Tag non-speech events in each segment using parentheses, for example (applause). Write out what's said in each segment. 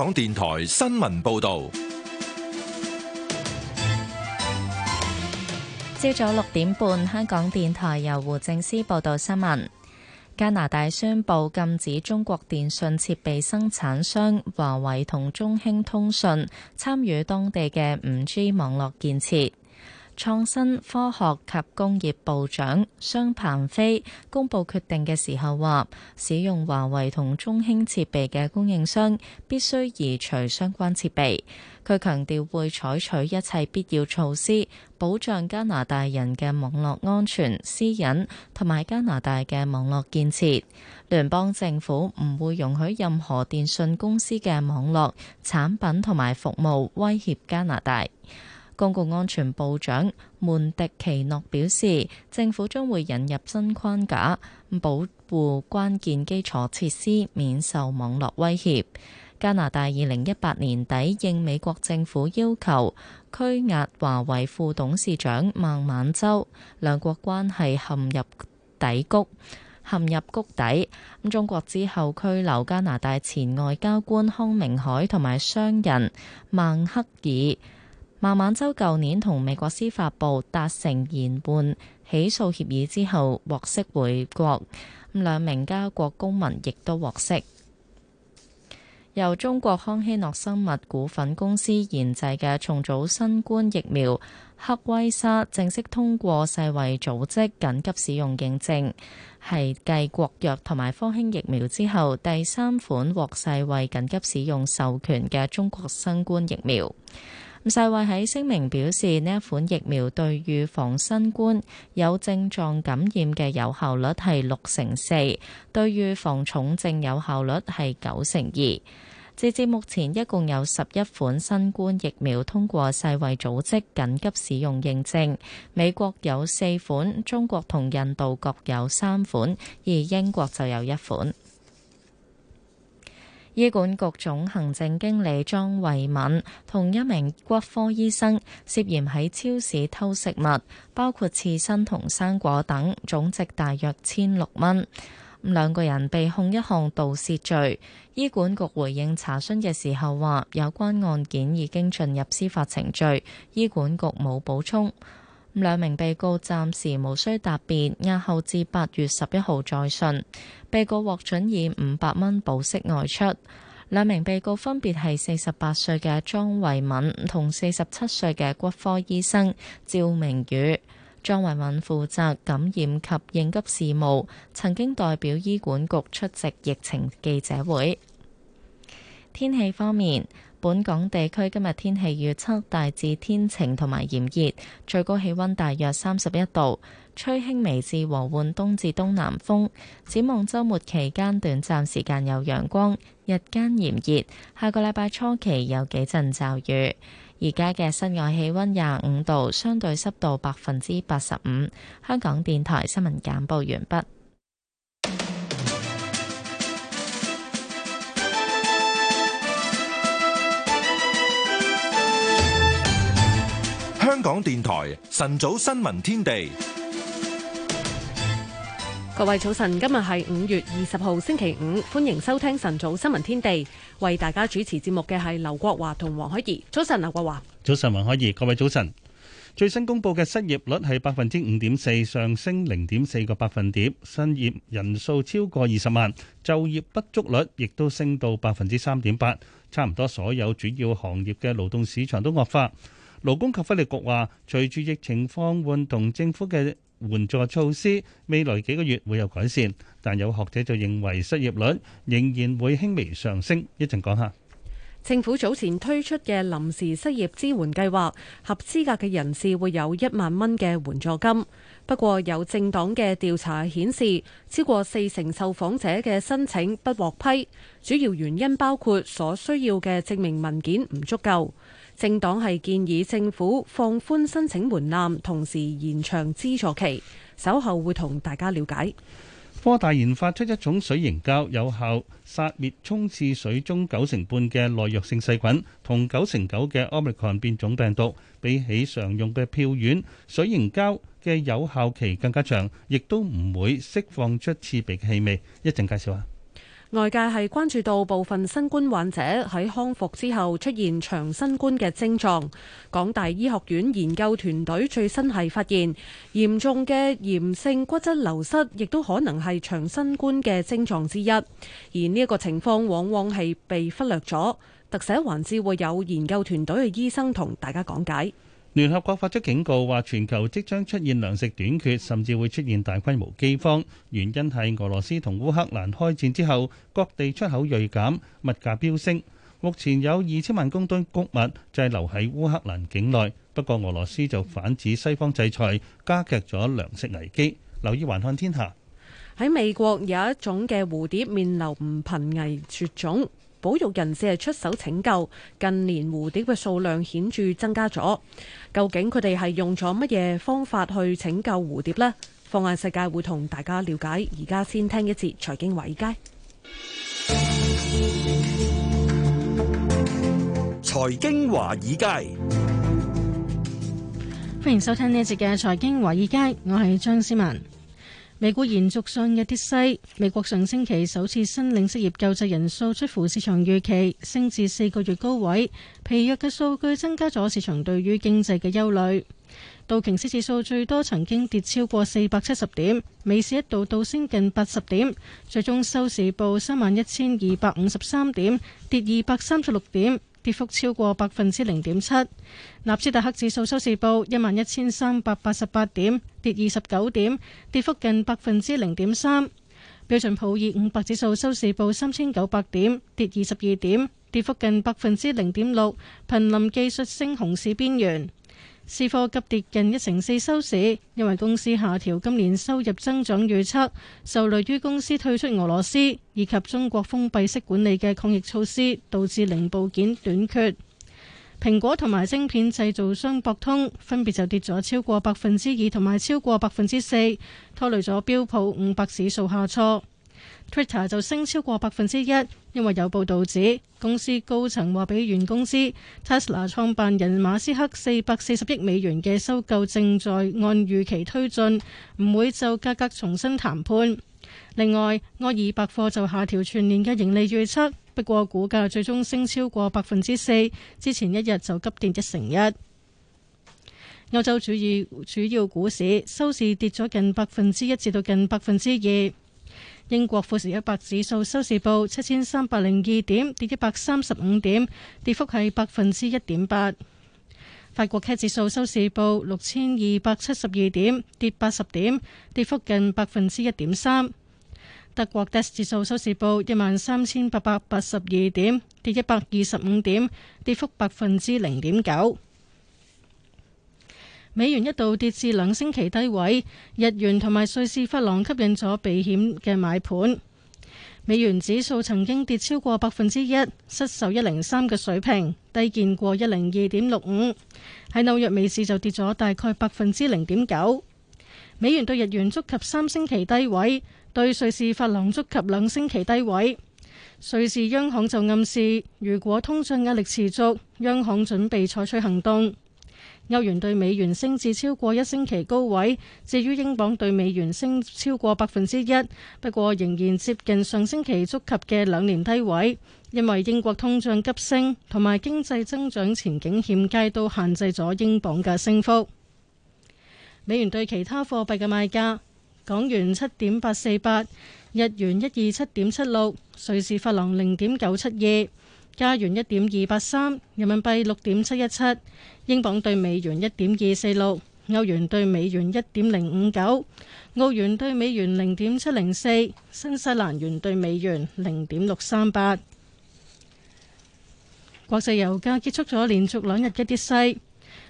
港電台新聞報道，朝早六點半，香港電台由胡正思報道新聞。加拿大宣布禁止中國電信設備生產商華為同中興通訊參與當地嘅五 G 網絡建設。創新科學及工業部長商鵬飛公布決定嘅時候話：使用華為同中興設備嘅供應商必須移除相關設備。佢強調會採取一切必要措施，保障加拿大人嘅網絡安全、私隱同埋加拿大嘅網絡建設。聯邦政府唔會容許任何電信公司嘅網絡產品同埋服務威脅加拿大。公共安全部長門迪奇諾表示，政府將會引入新框架，保護關鍵基礎設施免受網絡威脅。加拿大二零一八年底應美國政府要求拘押華為副董事長孟晚舟，兩國關係陷入底谷，陷入谷底。中國之後拘留加拿大前外交官康明凱同埋商人孟克爾。孟晚舟舊年同美國司法部達成延緩起訴協議之後獲釋回國，咁兩名加國公民亦都獲釋。由中國康希諾生物股份公司研製嘅重組新冠疫苗克威莎正式通過世衛組織緊急使用認證，係繼國藥同埋科興疫苗之後第三款獲世衛緊急使用授權嘅中國新冠疫苗。世衛喺聲明表示，呢一款疫苗對預防新冠有症狀感染嘅有效率係六成四，對預防重症有效率係九成二。截至目前，一共有十一款新冠疫苗通過世衛組織緊急使用認證。美國有四款，中國同印度各有三款，而英國就有一款。醫管局總行政經理莊慧敏同一名骨科醫生涉嫌喺超市偷食物，包括刺身同生果等，總值大約千六蚊。咁兩個人被控一項盜竊罪。醫管局回應查詢嘅時候話，有關案件已經進入司法程序。醫管局冇補充。兩名被告暫時無需答辯，押後至八月十一號再訊。被告獲准以五百蚊保釋外出。兩名被告分別係四十八歲嘅莊慧敏同四十七歲嘅骨科醫生趙明宇。莊慧敏負責感染及應急事務，曾經代表醫管局出席疫情記者會。天氣方面。本港地區今日天氣預測，大致天晴同埋炎熱，最高氣溫大約三十一度，吹輕微至和緩東至東南風。展望周末期間短暫時間有陽光，日間炎熱。下個禮拜初期有幾陣驟雨。而家嘅室外氣溫廿五度，相對濕度百分之八十五。香港電台新聞簡報完畢。香港電台晨早新聞天地，各位早晨，今日係五月二十號星期五，歡迎收聽晨早新聞天地。為大家主持節目嘅係劉國華同黃海怡。早晨，劉國華。早晨，黃海怡。各位早晨。最新公布嘅失業率係百分之五點四，上升零點四個百分點，失業人數超過二十萬，就業不足率亦都升到百分之三點八，差唔多所有主要行業嘅勞動市場都惡化。勞工及福利局話，隨住疫情放緩同政府嘅援助措施，未來幾個月會有改善。但有學者就認為，失業率仍然會輕微上升。一陣講下，政府早前推出嘅臨時失業支援計劃，合資格嘅人士會有一萬蚊嘅援助金。不過，有政黨嘅調查顯示，超過四成受訪者嘅申請不獲批，主要原因包括所需要嘅證明文件唔足夠。政黨係建議政府放寬申請門檻，同時延長資助期。稍後會同大家了解。科大研發出一種水凝膠，有效殺滅沖廁水中九成半嘅耐藥性細菌，同九成九嘅 Omicron 變種病毒。比起常用嘅漂丸，水凝膠嘅有效期更加長，亦都唔會釋放出刺鼻嘅氣味。一陣介紹下。外界係關注到部分新冠患者喺康復之後出現長新冠嘅症狀，港大醫學院研究團隊最新係發現，嚴重嘅炎性骨質流失亦都可能係長新冠嘅症狀之一，而呢一個情況往往係被忽略咗。特寫環節會有研究團隊嘅醫生同大家講解。聯合國發出警告，話全球即將出現糧食短缺，甚至會出現大規模饑荒。原因係俄羅斯同烏克蘭開戰之後，各地出口銳減，物價飆升。目前有二千萬公噸穀物就係留喺烏克蘭境內，不過俄羅斯就反指西方制裁加劇咗糧食危機。留意環看天下。喺美國有一種嘅蝴蝶面臨唔瀕危絕種。保育人士出手拯救，近年蝴蝶嘅數量顯著增加咗。究竟佢哋係用咗乜嘢方法去拯救蝴蝶呢？放眼世界，會同大家了解。而家先聽一節財經華爾街。財經華爾街，歡迎收聽呢一節嘅財經華爾街，爾街我係張思文。美股延續上日跌勢，美國上星期首次申領失業救濟人數出乎市場預期，升至四個月高位。疲弱嘅數據增加咗市場對於經濟嘅憂慮。道瓊斯指數最多曾經跌超過四百七十點，尾市一度倒升近八十點，最終收市報三萬一千二百五十三點，跌二百三十六點。跌幅超過百分之零點七。納斯達克指數收市報一萬一千三百八十八點，跌二十九點，跌幅近百分之零點三。標準普爾五百指數收市報三千九百點，跌二十二點，跌幅近百分之零點六。瀕臨技術升熊市邊緣。思科急跌近一成四收市，因為公司下調今年收入增長預測，受累於公司退出俄羅斯以及中國封閉式管理嘅抗疫措施，導致零部件短缺。蘋果同埋晶片製造商博通分別就跌咗超過百分之二同埋超過百分之四，拖累咗標普五百指數下挫。Twitter 就升超過百分之一，因為有報導指公司高層話俾員工知，Tesla 創辦人馬斯克四百四十億美元嘅收購正在按預期推進，唔會就價格重新談判。另外，愛爾百貨就下調全年嘅盈利預測，不過股價最終升超過百分之四，之前一日就急跌一成一。歐洲主要主要股市收市跌咗近百分之一至到近百分之二。英國富時一百指數收市報七千三百零二點，跌一百三十五點，跌幅係百分之一點八。法國 K 指數收市報六千二百七十二點，跌八十點，跌幅近百分之一點三。德國 DAX 指數收市報一萬三千八百八十二點，跌一百二十五點，跌幅百分之零點九。美元一度跌至兩星期低位，日元同埋瑞士法郎吸引咗避險嘅買盤。美元指數曾經跌超過百分之一，失守一零三嘅水平，低見過一零二點六五。喺紐約美市就跌咗大概百分之零點九。美元對日元觸及三星期低位，對瑞士法郎觸及兩星期低位。瑞士央行就暗示，如果通脹壓力持續，央行準備採取行動。歐元對美元升至超過一星期高位，至於英鎊對美元升超過百分之一，不過仍然接近上星期觸及嘅兩年低位，因為英國通脹急升同埋經濟增長前景欠佳，都限制咗英鎊嘅升幅。美元對其他貨幣嘅賣價：港元七點八四八，日元一二七點七六，瑞士法郎零點九七二，加元一點二八三，人民幣六點七一七。英鎊對美元一點二四六，歐元對美元一點零五九，澳元對美元零點七零四，新西蘭元對美元零點六三八。國際油價結束咗連續兩日一跌勢，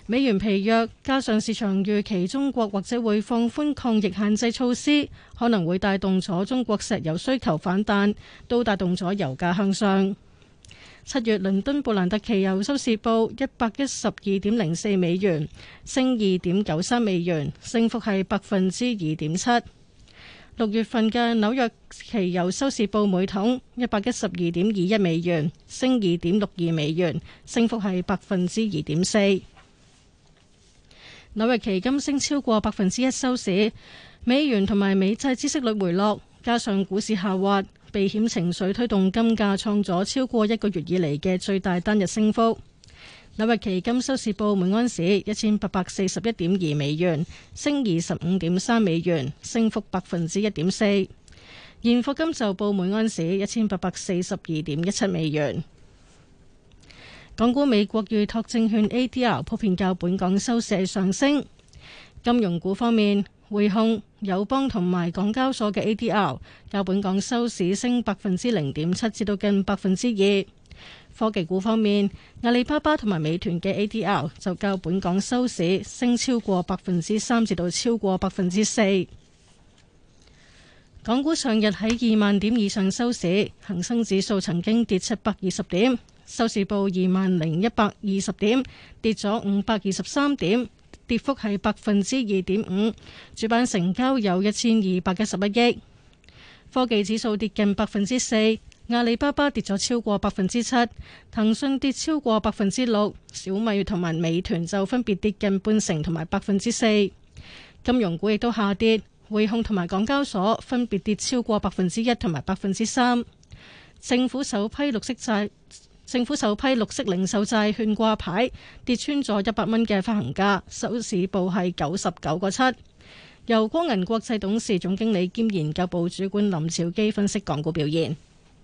美元疲弱，加上市場預期中國或者會放寬抗疫限制措施，可能會帶動咗中國石油需求反彈，都帶動咗油價向上。七月倫敦布蘭特期油收市報一百一十二點零四美元，升二點九三美元，升幅係百分之二點七。六月份嘅紐約期油收市報每桶一百一十二點二一美元，升二點六二美元，升幅係百分之二點四。紐約期金升超過百分之一收市，美元同埋美債孳息率回落，加上股市下滑。避險情緒推動金價創咗超過一個月以嚟嘅最大單日升幅。紐約期金收市報每安士一千八百四十一點二美元，升二十五點三美元，升幅百分之一點四。現貨金就報每安士一千八百四十二點一七美元。港股美國預託證券 ADR 普遍較本港收市上升。金融股方面，匯控、友邦同埋港交所嘅 ADR，較本港收市升百分之零點七，至到近百分之二。科技股方面，阿里巴巴同埋美團嘅 ADR 就較本港收市升超過百分之三，至到超過百分之四。港股上日喺二萬點以上收市，恒生指數曾經跌七百二十點，收市報二萬零一百二十點，跌咗五百二十三點。跌幅係百分之二點五，主板成交有一千二百一十一億。科技指數跌近百分之四，阿里巴巴跌咗超過百分之七，騰訊跌超過百分之六，小米同埋美團就分別跌近半成同埋百分之四。金融股亦都下跌，匯控同埋港交所分別跌超過百分之一同埋百分之三。政府首批綠色債。政府首批綠色零售債券掛牌，跌穿咗一百蚊嘅發行價，收市報係九十九個七。由光銀國際董事總經理兼研究部主管林兆基分析港股表現。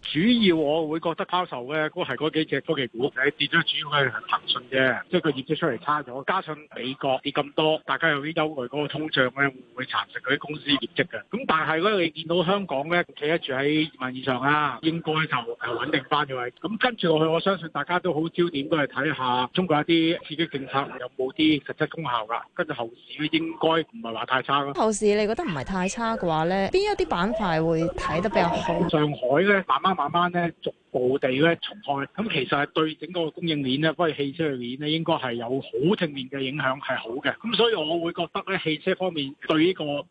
主要我會覺得拋售嘅都係嗰幾隻科技股，跌咗主要係騰訊啫，即係佢業績出嚟差咗，加上美國跌咁多，大家有啲憂慮嗰個通脹咧會唔會蠶食佢啲公司業績嘅？咁但係咧，你見到香港咧企得住喺二萬以上啦，應該就係穩定翻咗嘅。咁跟住落去，我相信大家都好焦點都係睇下中國一啲刺激政策有冇啲實質功效㗎。跟住後市咧，應該唔係話太差咯。後市你覺得唔係太差嘅話咧，邊一啲板塊會睇得比較好？上海咧，慢慢。慢慢咧，逐步地咧重開，咁其實係對整個供應鏈咧，包括汽車嘅鏈咧，應該係有好正面嘅影響，係好嘅。咁所以，我會覺得咧，汽車方面對呢個誒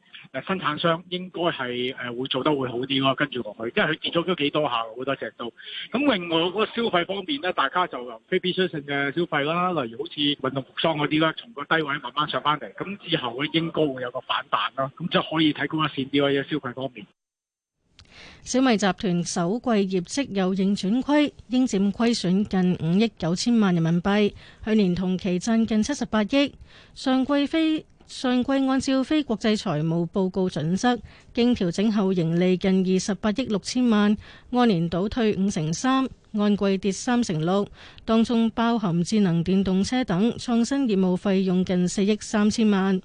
生產商應該係誒會做得會好啲咯，跟住落去，因為佢跌咗都幾多下，好多隻都。咁另外嗰個消費方面咧，大家就非必需性嘅消費啦，例如好似運動服裝嗰啲啦，從個低位慢慢上返嚟，咁之後咧應該會有個反彈啦，咁即係可以睇高一線啲咯，喺消費方面。小米集團首季業績由盈轉虧，應佔虧損近五億九千萬人民幣，去年同期賺近七十八億。上季非上季按照非國際財務報告準則，經調整後盈利近二十八億六千萬，按年倒退五成三，按季跌三成六。當中包含智能電動車等創新業務費用近四億三千萬。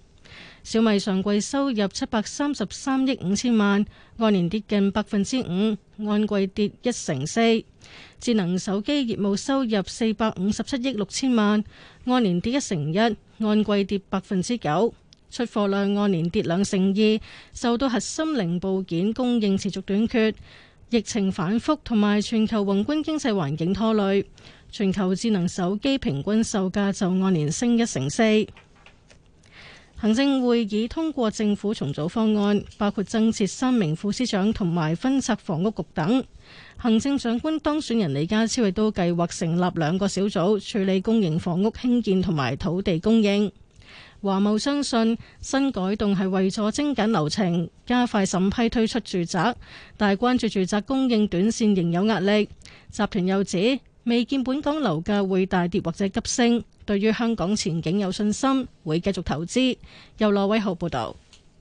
小米上季收入七百三十三億五千萬，按年跌近百分之五，按季跌一成四。智能手機業務收入四百五十七億六千萬，按年跌一成一，按季跌百分之九。出貨量按年跌兩成二，受到核心零部件供應持續短缺、疫情反覆同埋全球宏觀經濟環境拖累。全球智能手機平均售價就按年升一成四。行政會議通過政府重組方案，包括增設三名副司長同埋分拆房屋局等。行政長官當選人李家超亦都計劃成立兩個小組處理公營房屋興建同埋土地供應。華懋相信新改動係為咗精簡流程、加快審批推出住宅，但係關注住宅供應短線仍有壓力。集團又指未見本港樓價會大跌或者急升。對於香港前景有信心，會繼續投資。由羅偉浩報道。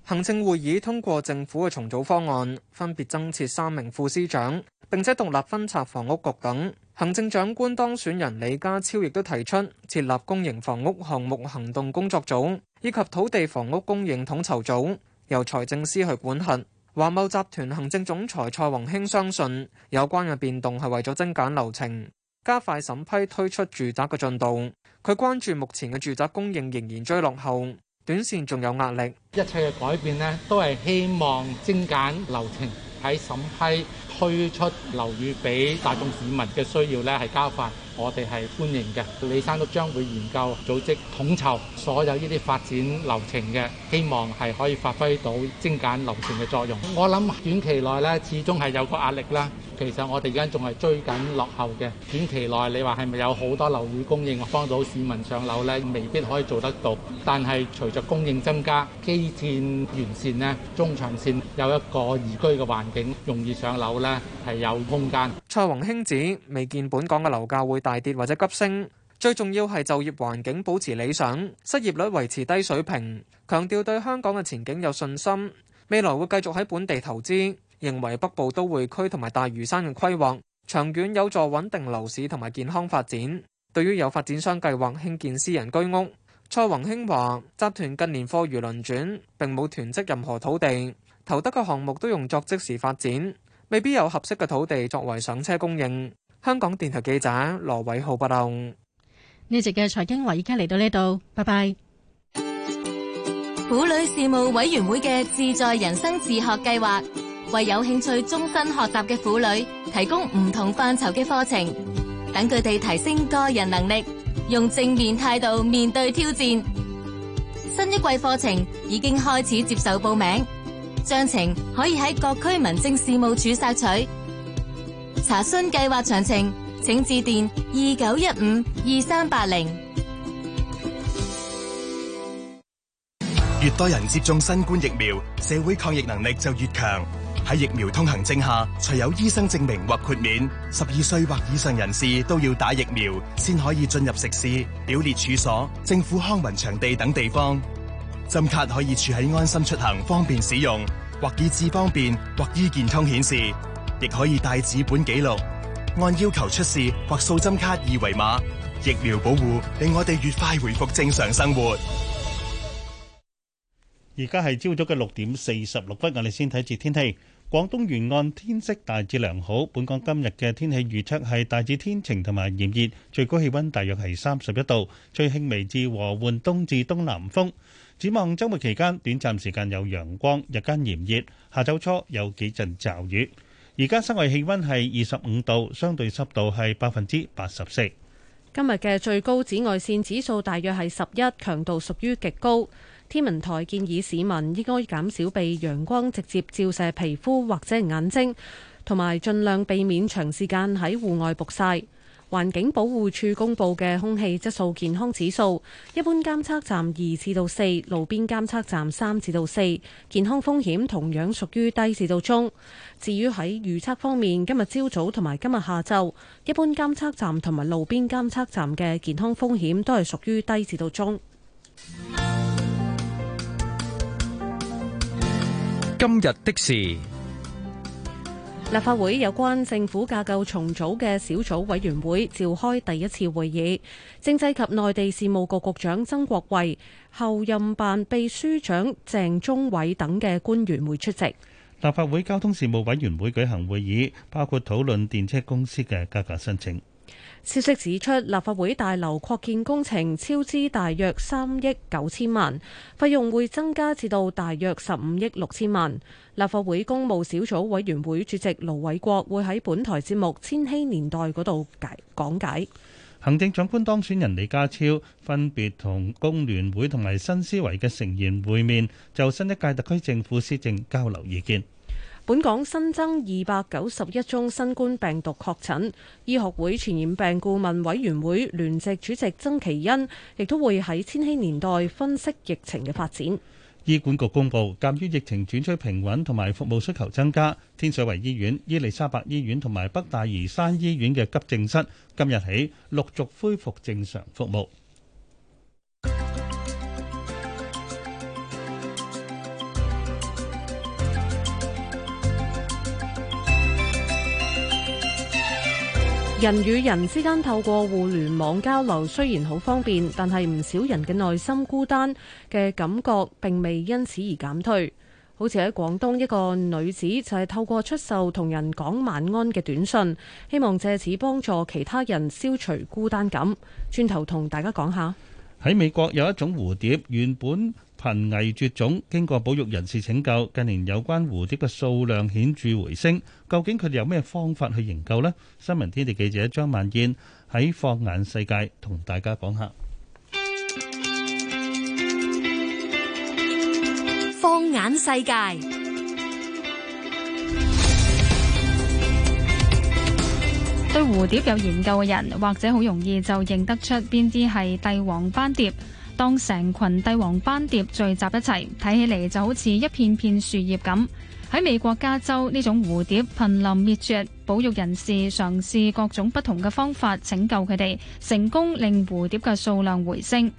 行政會議通過政府嘅重組方案，分別增設三名副司長，並且獨立分拆房屋局等。行政長官當選人李家超亦都提出設立公營房屋項目行動工作組以及土地房屋供應統籌組、組，由財政司去管轄。華懋集團行政總裁蔡宏興相信，有關嘅變動係為咗增減流程，加快審批推出住宅嘅進度。佢關注目前嘅住宅供應仍然追落後，短線仲有壓力。一切嘅改變咧，都係希望精簡流程。喺審批推出樓宇俾大眾市民嘅需要咧，係加快。我哋係歡迎嘅。李生都將會研究、組織、統籌所有呢啲發展流程嘅，希望係可以發揮到精簡流程嘅作用。我諗短期內咧，始終係有個壓力啦。其實我哋而家仲係追緊落後嘅，短期內你話係咪有好多樓宇供應幫到市民上樓呢，未必可以做得到。但係隨著供應增加、基建完善呢，中長線有一個宜居嘅環境，容易上樓呢，係有空間。蔡宏興指未見本港嘅樓價會大跌或者急升，最重要係就業環境保持理想，失業率維持低水平，強調對香港嘅前景有信心，未來會繼續喺本地投資。認為北部都會區同埋大嶼山嘅規劃，長遠有助穩定樓市同埋健康發展。對於有發展商計劃興建私人居屋，蔡宏興話集團近年貨如輪轉，並冇囤積任何土地，投得嘅項目都用作即時發展，未必有合適嘅土地作為上車供應。香港電台記者羅偉浩報道。呢集嘅財經話，而家嚟到呢度，拜拜。婦女事務委員會嘅自在人生自學計劃。為有興趣終身學習嘅婦女提供唔同範疇嘅課程，等佢哋提升個人能力，用正面態度面對挑戰。新一季課程已經開始接受報名，詳情可以喺各區民政事務處索取。查詢計劃詳情，請致電二九一五二三八零。越多人接種新冠疫苗，社會抗疫能力就越強。喺疫苗通行證下，除有醫生證明或豁免，十二歲或以上人士都要打疫苗，先可以進入食肆、表列處所、政府康文場地等地方。針卡可以儲喺安心出行，方便使用，或以智方便或醫健通顯示，亦可以帶紙本記錄，按要求出示或掃針卡二維碼。疫苗保護令我哋越快回復正常生活。而家係朝早嘅六點四十六分，我哋先睇住天氣。廣東沿岸天色大致良好，本港今日嘅天氣預測係大致天晴同埋炎熱，最高氣溫大約係三十一度，吹輕微至和緩東至東南風。展望周末期間，短暫時間有陽光，日間炎熱，下晝初有幾陣驟雨。而家室外氣溫係二十五度，相對濕度係百分之八十四。今日嘅最高紫外線指數大約係十一，強度屬於極高。天文台建議市民應該減少被陽光直接照射皮膚或者眼睛，同埋盡量避免長時間喺戶外曝曬。環境保護處公布嘅空氣質素健康指數，一般監測站二至到四，路邊監測站三至到四，健康風險同樣屬於低至到中。至於喺預測方面，今日朝早同埋今日下晝，一般監測站同埋路邊監測站嘅健康風險都係屬於低至到中。今日的事，立法會有關政府架構重組嘅小組委員會召開第一次會議，政制及內地事務局局長曾國衛、候任辦秘書長鄭中偉等嘅官員會出席。立法會交通事務委員會舉行會議，包括討論電車公司嘅價格申請。消息指出，立法會大樓擴建工程超支大約三億九千萬，費用會增加至到大約十五億六千萬。立法會公務小組委員會主席盧偉國會喺本台節目《千禧年代》嗰度解講解。講解，行政長官當選人李家超分別同工聯會同埋新思維嘅成員會面，就新一屆特區政府施政交流意見。本港新增二百九十一宗新冠病毒確診，醫學會傳染病顧問委員會聯席主席曾其恩亦都會喺千禧年代分析疫情嘅發展。醫管局公布，鑒於疫情轉趨平穩同埋服務需求增加，天水圍醫院、伊利沙伯醫院同埋北大嶼山醫院嘅急症室今日起陸續恢復正常服務。人與人之間透過互聯網交流雖然好方便，但係唔少人嘅內心孤單嘅感覺並未因此而減退。好似喺廣東一個女子就係透過出售同人講晚安嘅短信，希望借此幫助其他人消除孤單感。轉頭同大家講下，喺美國有一種蝴蝶，原本，瀕危絕種，經過保育人士拯救，近年有關蝴蝶嘅數量顯著回升。究竟佢哋有咩方法去研究呢？新聞天地記者張萬燕喺放眼世界同大家講下。放眼世界，世界對蝴蝶有研究嘅人，或者好容易就認得出邊啲係帝王斑蝶。當成群帝王斑蝶聚集一齊，睇起嚟就好似一片片樹葉咁。喺美國加州，呢種蝴蝶瀕臨滅絕，保育人士嘗試各種不同嘅方法拯救佢哋，成功令蝴蝶嘅數量回升。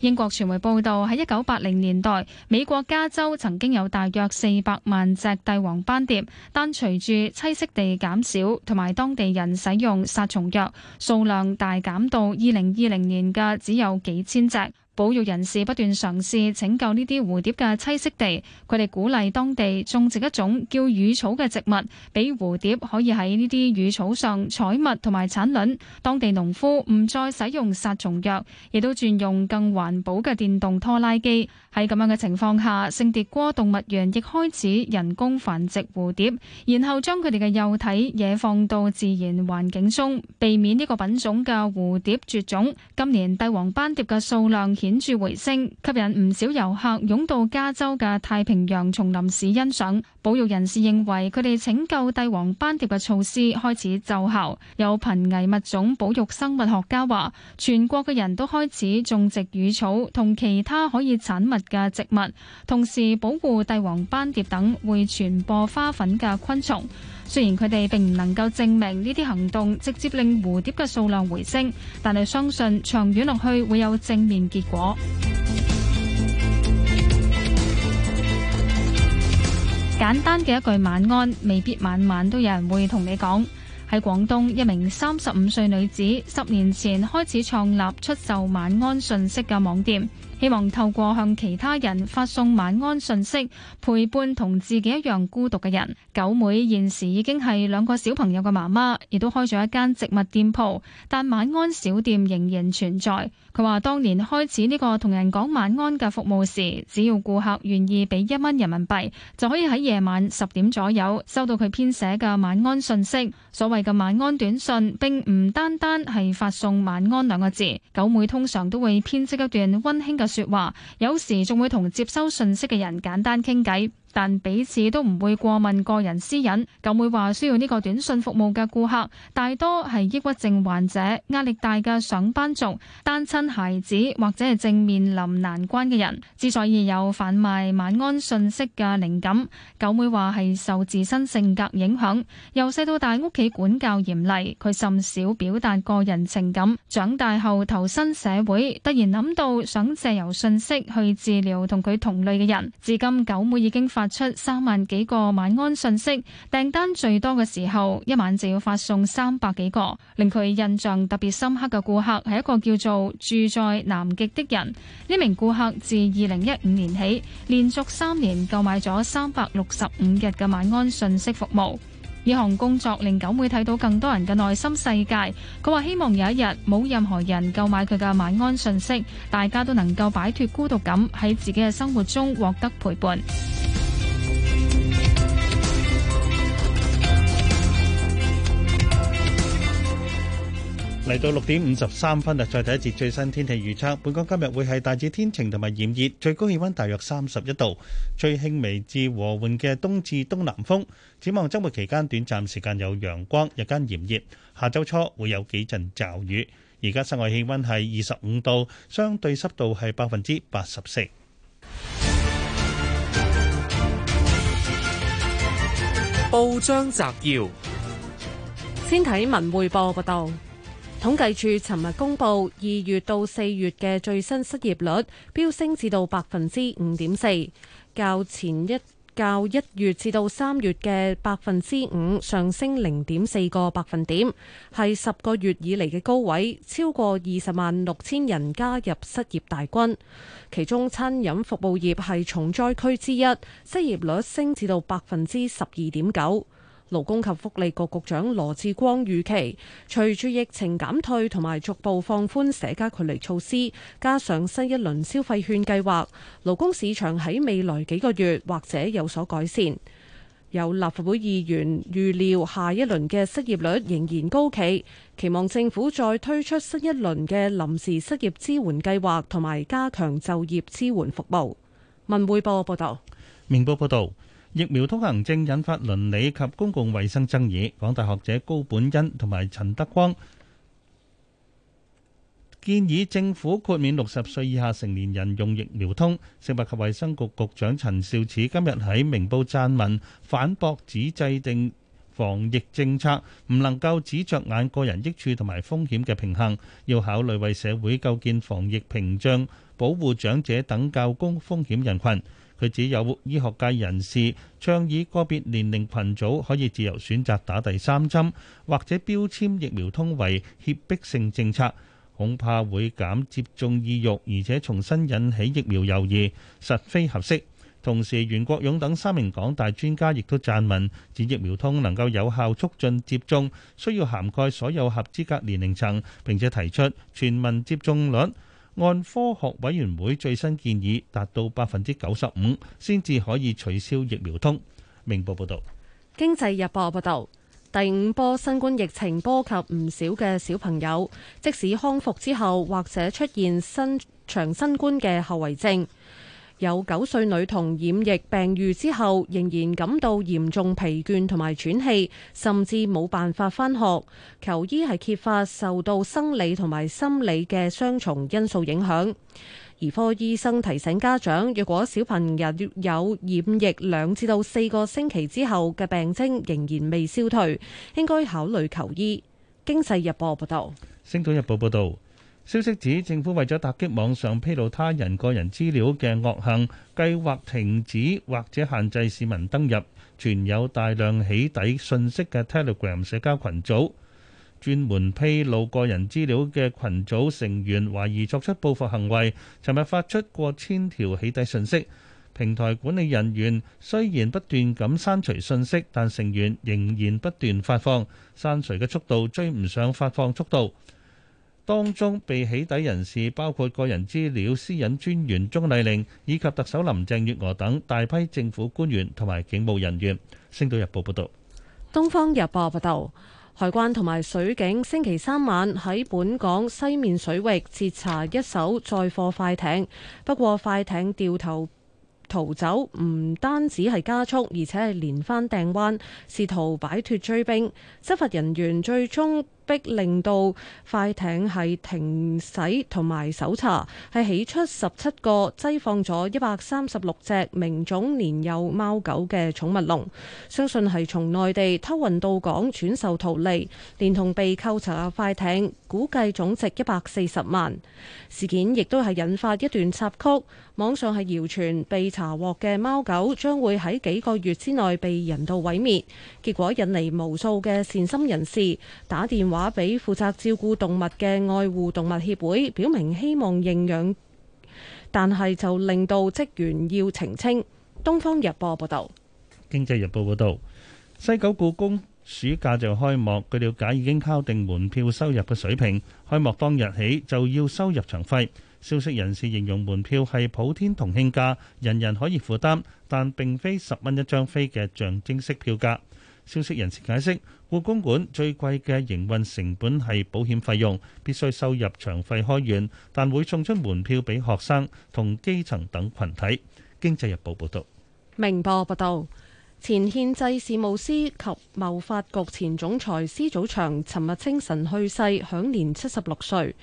英國傳媒報道，喺一九八零年代，美國加州曾經有大約四百萬隻帝王斑蝶，但隨住棲息地減少，同埋當地人使用殺蟲藥，數量大減到二零二零年嘅只有幾千隻。保育人士不斷嘗試拯救呢啲蝴蝶嘅棲息地，佢哋鼓勵當地種植一種叫乳草嘅植物，俾蝴蝶可以喺呢啲乳草上採蜜同埋產卵。當地農夫唔再使用殺蟲藥，亦都轉用更環保嘅電動拖拉機。喺咁樣嘅情況下，聖迭戈動物園亦開始人工繁殖蝴蝶，然後將佢哋嘅幼體野放到自然環境中，避免呢個品種嘅蝴蝶絕種。今年帝王斑蝶嘅數量顯著回升，吸引唔少遊客湧到加州嘅太平洋叢林市欣賞。保育人士認為，佢哋拯救帝王斑蝶嘅措施開始奏效。有瀕危物種保育生物學家話，全國嘅人都開始種植乳草同其他可以產物嘅植物，同時保護帝王斑蝶等會傳播花粉嘅昆蟲。雖然佢哋並唔能夠證明呢啲行動直接令蝴蝶嘅數量回升，但係相信長遠落去會有正面結果。 (music) 簡單嘅一句晚安，未必晚晚都有人會同你講。喺廣東，一名三十五歲女子十年前開始創立出售晚安訊息嘅網店。希望透過向其他人發送晚安信息，陪伴同自己一樣孤獨嘅人。九妹現時已經係兩個小朋友嘅媽媽，亦都開咗一間植物店鋪，但晚安小店仍然存在。佢話當年開始呢個同人講晚安嘅服務時，只要顧客願意俾一蚊人民幣，就可以喺夜晚十點左右收到佢編寫嘅晚安信息。所謂嘅晚安短信並唔單單係發送晚安兩個字，九妹通常都會編織一段溫馨嘅說話，有時仲會同接收信息嘅人簡單傾偈。但彼此都唔會過問個人私隱。九妹話需要呢個短信服務嘅顧客，大多係抑鬱症患者、壓力大嘅上班族、單親孩子，或者係正面臨難關嘅人。之所以有販賣晚安信息嘅靈感，九妹話係受自身性格影響。由細到大屋企管教嚴厲，佢甚少表達個人情感。長大後投身社會，突然諗到想借由信息去治療同佢同類嘅人。至今九妹已經發。發出三萬幾個晚安信息，訂單最多嘅時候，一晚就要發送三百幾個。令佢印象特別深刻嘅顧客係一個叫做住在南極的人。呢名顧客自二零一五年起，連續三年購買咗三百六十五日嘅晚安信息服務。呢項工作令九妹睇到更多人嘅內心世界。佢話希望有一日冇任何人購買佢嘅晚安信息，大家都能夠擺脫孤獨感，喺自己嘅生活中獲得陪伴。嚟到六點五十三分啦，再睇一節最新天氣預測。本港今日會係大致天晴同埋炎熱，最高氣溫大約三十一度，最輕微至和緩嘅東至東南風。展望周末期間短暫時間有陽光，日間炎熱。下周初會有幾陣驟雨。而家室外氣溫係二十五度，相對濕度係百分之八十四。報章摘要，先睇文匯報報道。統計處尋日公布二月到四月嘅最新失業率，飆升至到百分之五點四，較前一較一月至到三月嘅百分之五上升零點四個百分點，係十個月以嚟嘅高位，超過二十萬六千人加入失業大軍。其中餐飲服務業係重災區之一，失業率升至到百分之十二點九。勞工及福利局局長羅志光預期，隨住疫情減退同埋逐步放寬社交距離措施，加上新一輪消費券計劃，勞工市場喺未來幾個月或者有所改善。有立法會議員預料下一輪嘅失業率仍然高企，期望政府再推出新一輪嘅臨時失業支援計劃同埋加強就業支援服務。文匯報報道，明報報道。疫苗通行證引發倫理及公共衛生爭議，港大學者高本恩同埋陳德光建議政府豁免六十歲以下成年人用疫苗通。食物及衛生局局長陳肇始今日喺《明報》撰文反駁，指制定防疫政策唔能夠只着眼個人益處同埋風險嘅平衡，要考慮為社會構建防疫屏障，保護長者等較高風險人群。佢指有醫學界人士倡議個別年齡群組可以自由選擇打第三針，或者標籤疫苗通為脅迫性政策，恐怕會減接種意欲，而且重新引起疫苗猶豫，實非合適。同時，袁國勇等三名港大專家亦都撰文，指疫苗通能夠有效促進接種，需要涵蓋所有合資格年齡層，並且提出全民接種率。按科學委員會最新建議，達到百分之九十五先至可以取消疫苗通。明報報道：經濟日報報道，第五波新冠疫情波及唔少嘅小朋友，即使康復之後，或者出現新長新冠嘅後遺症。有九歲女童染疫病愈，之後，仍然感到嚴重疲倦同埋喘氣，甚至冇辦法返學。求醫係揭發受到生理同埋心理嘅雙重因素影響。兒科醫生提醒家長，若果小朋友有染疫兩至到四個星期之後嘅病徵仍然未消退，應該考慮求醫。經濟日報報道，星島日報報道。消息指，政府為咗打擊網上披露他人個人資料嘅惡行，計劃停止或者限制市民登入存有大量起底信息嘅 Telegram 社交群組。專門披露個人資料嘅群組成員懷疑作出報復行為，尋日發出過千條起底信息。平台管理人員雖然不斷咁刪除信息，但成員仍然不斷發放，刪除嘅速度追唔上發放速度。當中被起底人士包括個人資料私隱專員鍾麗玲以及特首林鄭月娥等大批政府官員同埋警務人員。星島日報報道：「東方日報報道，海關同埋水警星期三晚喺本港西面水域截查一艘載貨快艇，不過快艇掉頭逃走，唔單止係加速，而且係連番掟彎，試圖擺脱追兵。執法人員最終，逼令到快艇係停駛同埋搜查，係起出十七個擠放咗一百三十六隻名種年幼貓狗嘅寵物籠，相信係從內地偷運到港，轉售圖利，連同被扣查嘅快艇，估計總值一百四十萬。事件亦都係引發一段插曲。網上係謠傳被查獲嘅貓狗將會喺幾個月之內被人道毀滅，結果引嚟無數嘅善心人士打電話俾負責照顧動物嘅愛護動物協會，表明希望認養，但係就令到職員要澄清。東方日報報道，經濟日報報道。西九故宮暑假就開幕，據了解已經敲定門票收入嘅水平，開幕當日起就要收入場費。消息人士形容門票係普天同慶價，人人可以負擔，但並非十蚊一張飛嘅象徵式票價。消息人士解釋，故宮館最貴嘅營運成本係保險費用，必須收入場費開源，但會送出門票俾學生同基層等群體。經濟日報報道，明報報道。前憲制事務司及貿發局前總裁施祖祥，尋日清晨去世，享年七十六歲。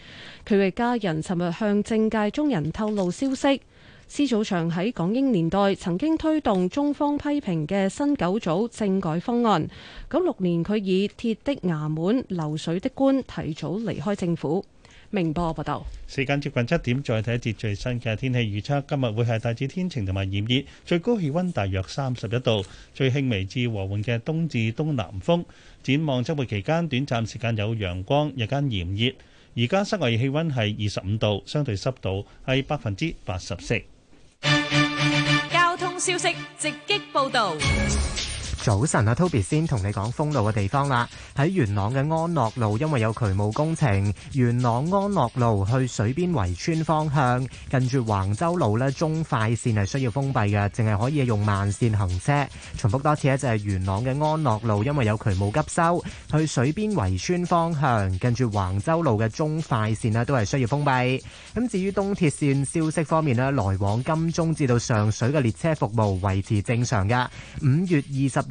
佢嘅家人尋日向政界中人透露消息，施祖祥喺港英年代曾經推動中方批評嘅新九組政改方案，九六年佢以鐵的衙門、流水的官提早離開政府。明波報道，時間接近七點，再睇一節最新嘅天氣預測。今日會係大致天晴同埋炎熱，最高氣溫大約三十一度。最輕微至和緩嘅東至東南風。展望週末期間，短暫時間有陽光，日間炎熱。而家室外氣溫係二十五度，相對濕度係百分之八十四。交通消息直擊報道。早晨啊，Toby 先同你講封路嘅地方啦。喺元朗嘅安樂路，因為有渠務工程，元朗安樂路去水邊圍村方向，近住橫州路咧，中快線係需要封閉嘅，淨係可以用慢線行車。重複多次咧，就係元朗嘅安樂路，因為有渠務急修，去水邊圍村方向，近住橫州路嘅中快線咧，都係需要封閉。咁至於東鐵線消息方面咧，來往金鐘至到上水嘅列車服務維持正常嘅。五月二十。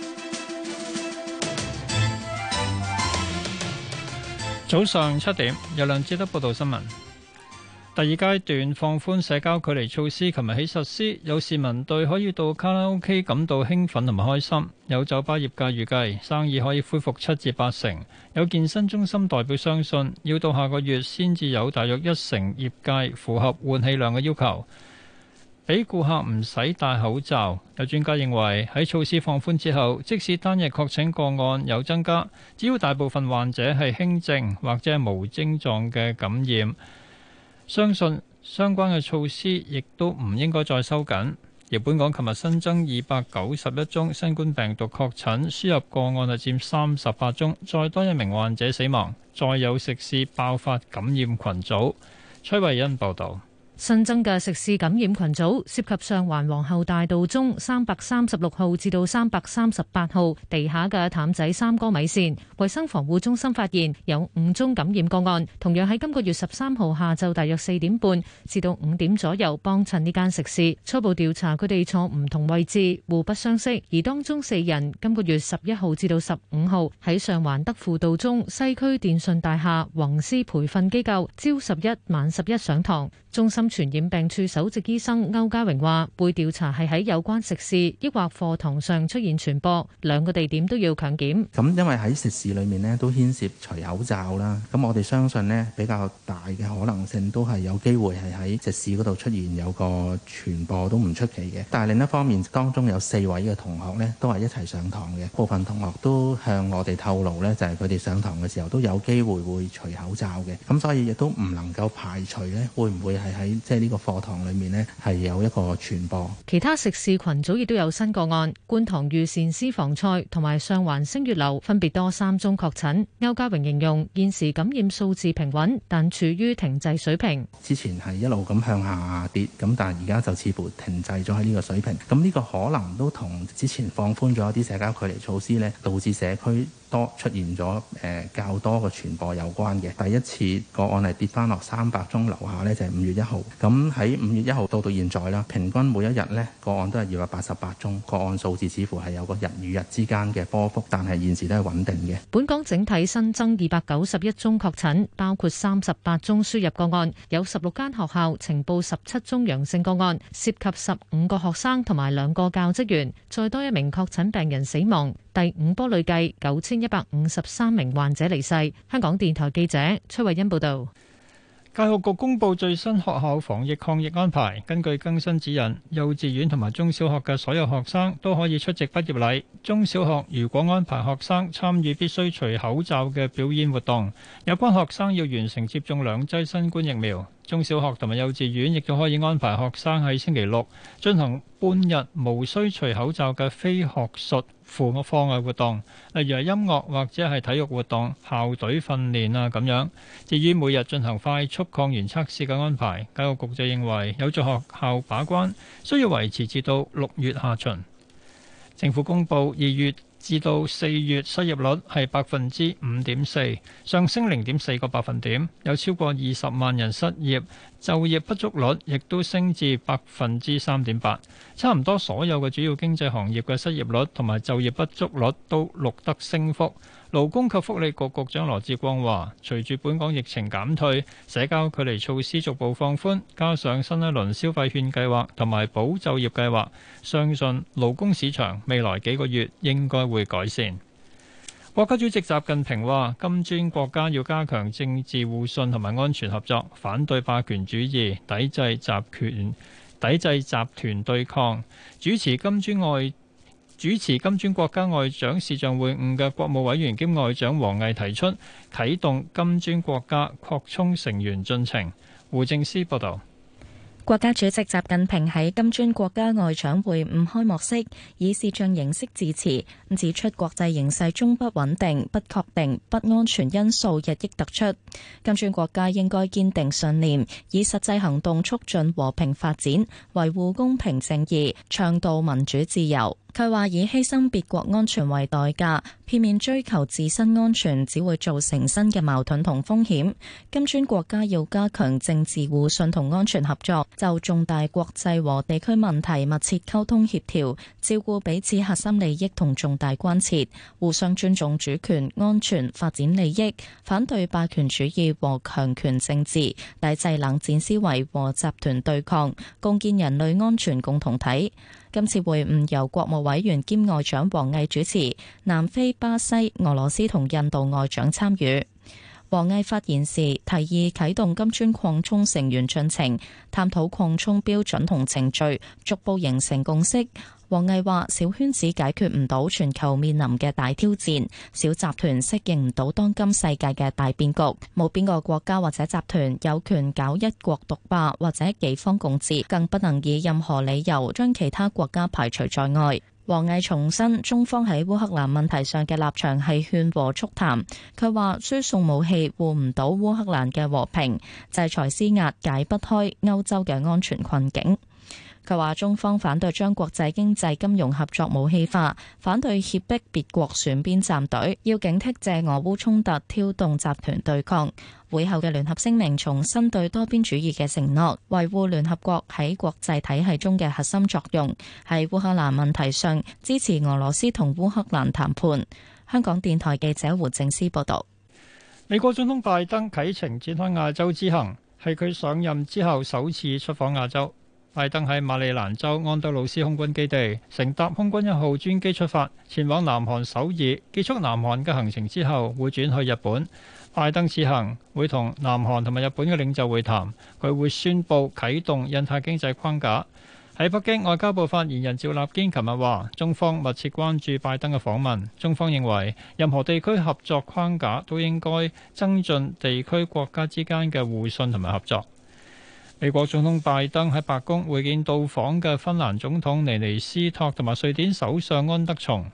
早上七點，有梁志德報道新聞。第二階段放寬社交距離措施，琴日起實施。有市民對可以到卡拉 OK 感到興奮同埋開心。有酒吧業界預計生意可以恢復七至八成。有健身中心代表相信要到下個月先至有大約一成業界符合換氣量嘅要求。俾顧客唔使戴口罩，有專家認為喺措施放寬之後，即使單日確診個案有增加，只要大部分患者係輕症或者係無症狀嘅感染，相信相關嘅措施亦都唔應該再收緊。而本港琴日新增二百九十一宗新冠病毒確診，輸入個案係佔三十八宗，再多一名患者死亡，再有食肆爆發感染群組。崔慧欣報導。新增嘅食肆感染群組涉及上環皇后大道中三百三十六號至到三百三十八號地下嘅譚仔三哥米線，衛生防護中心發現有五宗感染個案，同樣喺今個月十三號下晝大約四點半至到五點左右幫襯呢間食肆。初步調查佢哋坐唔同位置，互不相識，而當中四人今個月十一號至到十五號喺上環德輔道中西區電訊大廈宏師培訓機構朝十一晚十一上堂。中心。傳染病處首席醫生歐家榮話，會調查係喺有關食肆抑或課堂上出現傳播，兩個地點都要強檢。咁因為喺食肆裏面呢，都牽涉除口罩啦。咁我哋相信呢，比較大嘅可能性都係有機會係喺食肆嗰度出現有個傳播都唔出奇嘅。但係另一方面，當中有四位嘅同學呢都係一齊上堂嘅，部分同學都向我哋透露呢，就係佢哋上堂嘅時候都有機會會除口罩嘅。咁所以亦都唔能夠排除呢，會唔會係喺？即係呢個課堂裡面呢，係有一個傳播。其他食肆群組亦都有新個案，觀塘御膳私房菜同埋上環星月樓分別多三宗確診。歐家榮形容現時感染數字平穩，但處於停滯水平。之前係一路咁向下跌，咁但而家就似乎停滯咗喺呢個水平。咁呢個可能都同之前放寬咗一啲社交距離措施呢，導致社區多出現咗誒、呃、較多嘅傳播有關嘅，第一次個案係跌翻落三百宗樓下呢就係、是、五月一號。咁喺五月一號到到現在啦，平均每一日呢，個案都係二百八十八宗，個案數字似乎係有個日與日之間嘅波幅，但係現時都係穩定嘅。本港整體新增二百九十一宗確診，包括三十八宗輸入個案，有十六間學校呈報十七宗陽性個案，涉及十五個學生同埋兩個教職員，再多一名確診病人死亡。第五波累計九千一百五十三名患者離世。香港電台記者崔慧欣報道，教育局公布最新學校防疫抗疫安排，根據更新指引，幼稚園同埋中小學嘅所有學生都可以出席畢業禮。中小學如果安排學生參與必須除口罩嘅表演活動，有關學生要完成接種兩劑新冠疫苗。中小學同埋幼稚園亦都可以安排學生喺星期六進行半日無需除口罩嘅非學術副課外活動，例如係音樂或者係體育活動、校隊訓練啊咁樣。至於每日進行快速抗原測試嘅安排，教育局就認為有助學校把關，需要維持至到六月下旬。政府公布二月至到四月，失業率係百分之五點四，上升零點四個百分點，有超過二十萬人失業。就業不足率亦都升至百分之三點八，差唔多所有嘅主要經濟行業嘅失業率同埋就業不足率都錄得升幅。勞工及福利局局長羅致光話：隨住本港疫情減退，社交距離措施逐步放寬，加上新一輪消費券計劃同埋保就業計劃，相信勞工市場未來幾個月應該會改善。國家主席習近平話：金磚國家要加強政治互信同埋安全合作，反對霸權主義，抵制集權，抵制集團對抗。主持金磚外主持金磚國家外長視像會晤嘅國務委員兼外長王毅提出，啟動金磚國家擴充成員進程。胡政司報道。國家主席習近平喺金磚國家外長會晤開幕式以視像形式致辭，指出國際形勢中不穩定、不確定、不安全因素日益突出，金磚國家應該堅定信念，以實際行動促進和平發展，維護公平正義，倡導民主自由。佢話：以犧牲別國安全為代價，片面追求自身安全，只會造成新嘅矛盾同風險。金磚國家要加強政治互信同安全合作，就重大國際和地區問題密切溝通協調，照顧彼此核心利益同重大關切，互相尊重主權、安全、發展利益，反對霸權主義和強權政治，抵制冷戰思維和集團對抗，共建人類安全共同體。今次會晤由國務委員兼外長王毅主持，南非、巴西、俄羅斯同印度外長參與。王毅發言時提議啟動金磚擴充成員進程，探討擴充標準同程序，逐步形成共識。王毅話：小圈子解決唔到全球面臨嘅大挑戰，小集團適應唔到當今世界嘅大變局。冇邊個國家或者集團有權搞一國獨霸或者幾方共治，更不能以任何理由將其他國家排除在外。王毅重申，中方喺烏克蘭問題上嘅立場係勸和促談。佢話：輸送武器換唔到烏克蘭嘅和平，制裁施壓解不開歐洲嘅安全困境。佢話：中方反對將國際經濟金融合作武器化，反對脅迫別國選邊站隊，要警惕借俄烏衝突挑動集團對抗。會後嘅聯合聲明重申對多邊主義嘅承諾，維護聯合國喺國際體系中嘅核心作用。喺烏克蘭問題上，支持俄羅斯同烏克蘭談判。香港電台記者胡正思報道。美國總統拜登啟程展開亞洲之行，係佢上任之後首次出訪亞洲。拜登喺馬里蘭州安德魯斯空軍基地乘搭空軍一號專機出發，前往南韓首爾。結束南韓嘅行程之後，會轉去日本。拜登此行會同南韓同埋日本嘅領袖會談，佢會宣布啟動印太經濟框架。喺北京外交部發言人趙立堅琴日話：中方密切關注拜登嘅訪問，中方認為任何地區合作框架都應該增進地區國家之間嘅互信同埋合作。美國總統拜登喺白宮會見到訪嘅芬蘭總統尼尼斯托同埋瑞典首相安德松。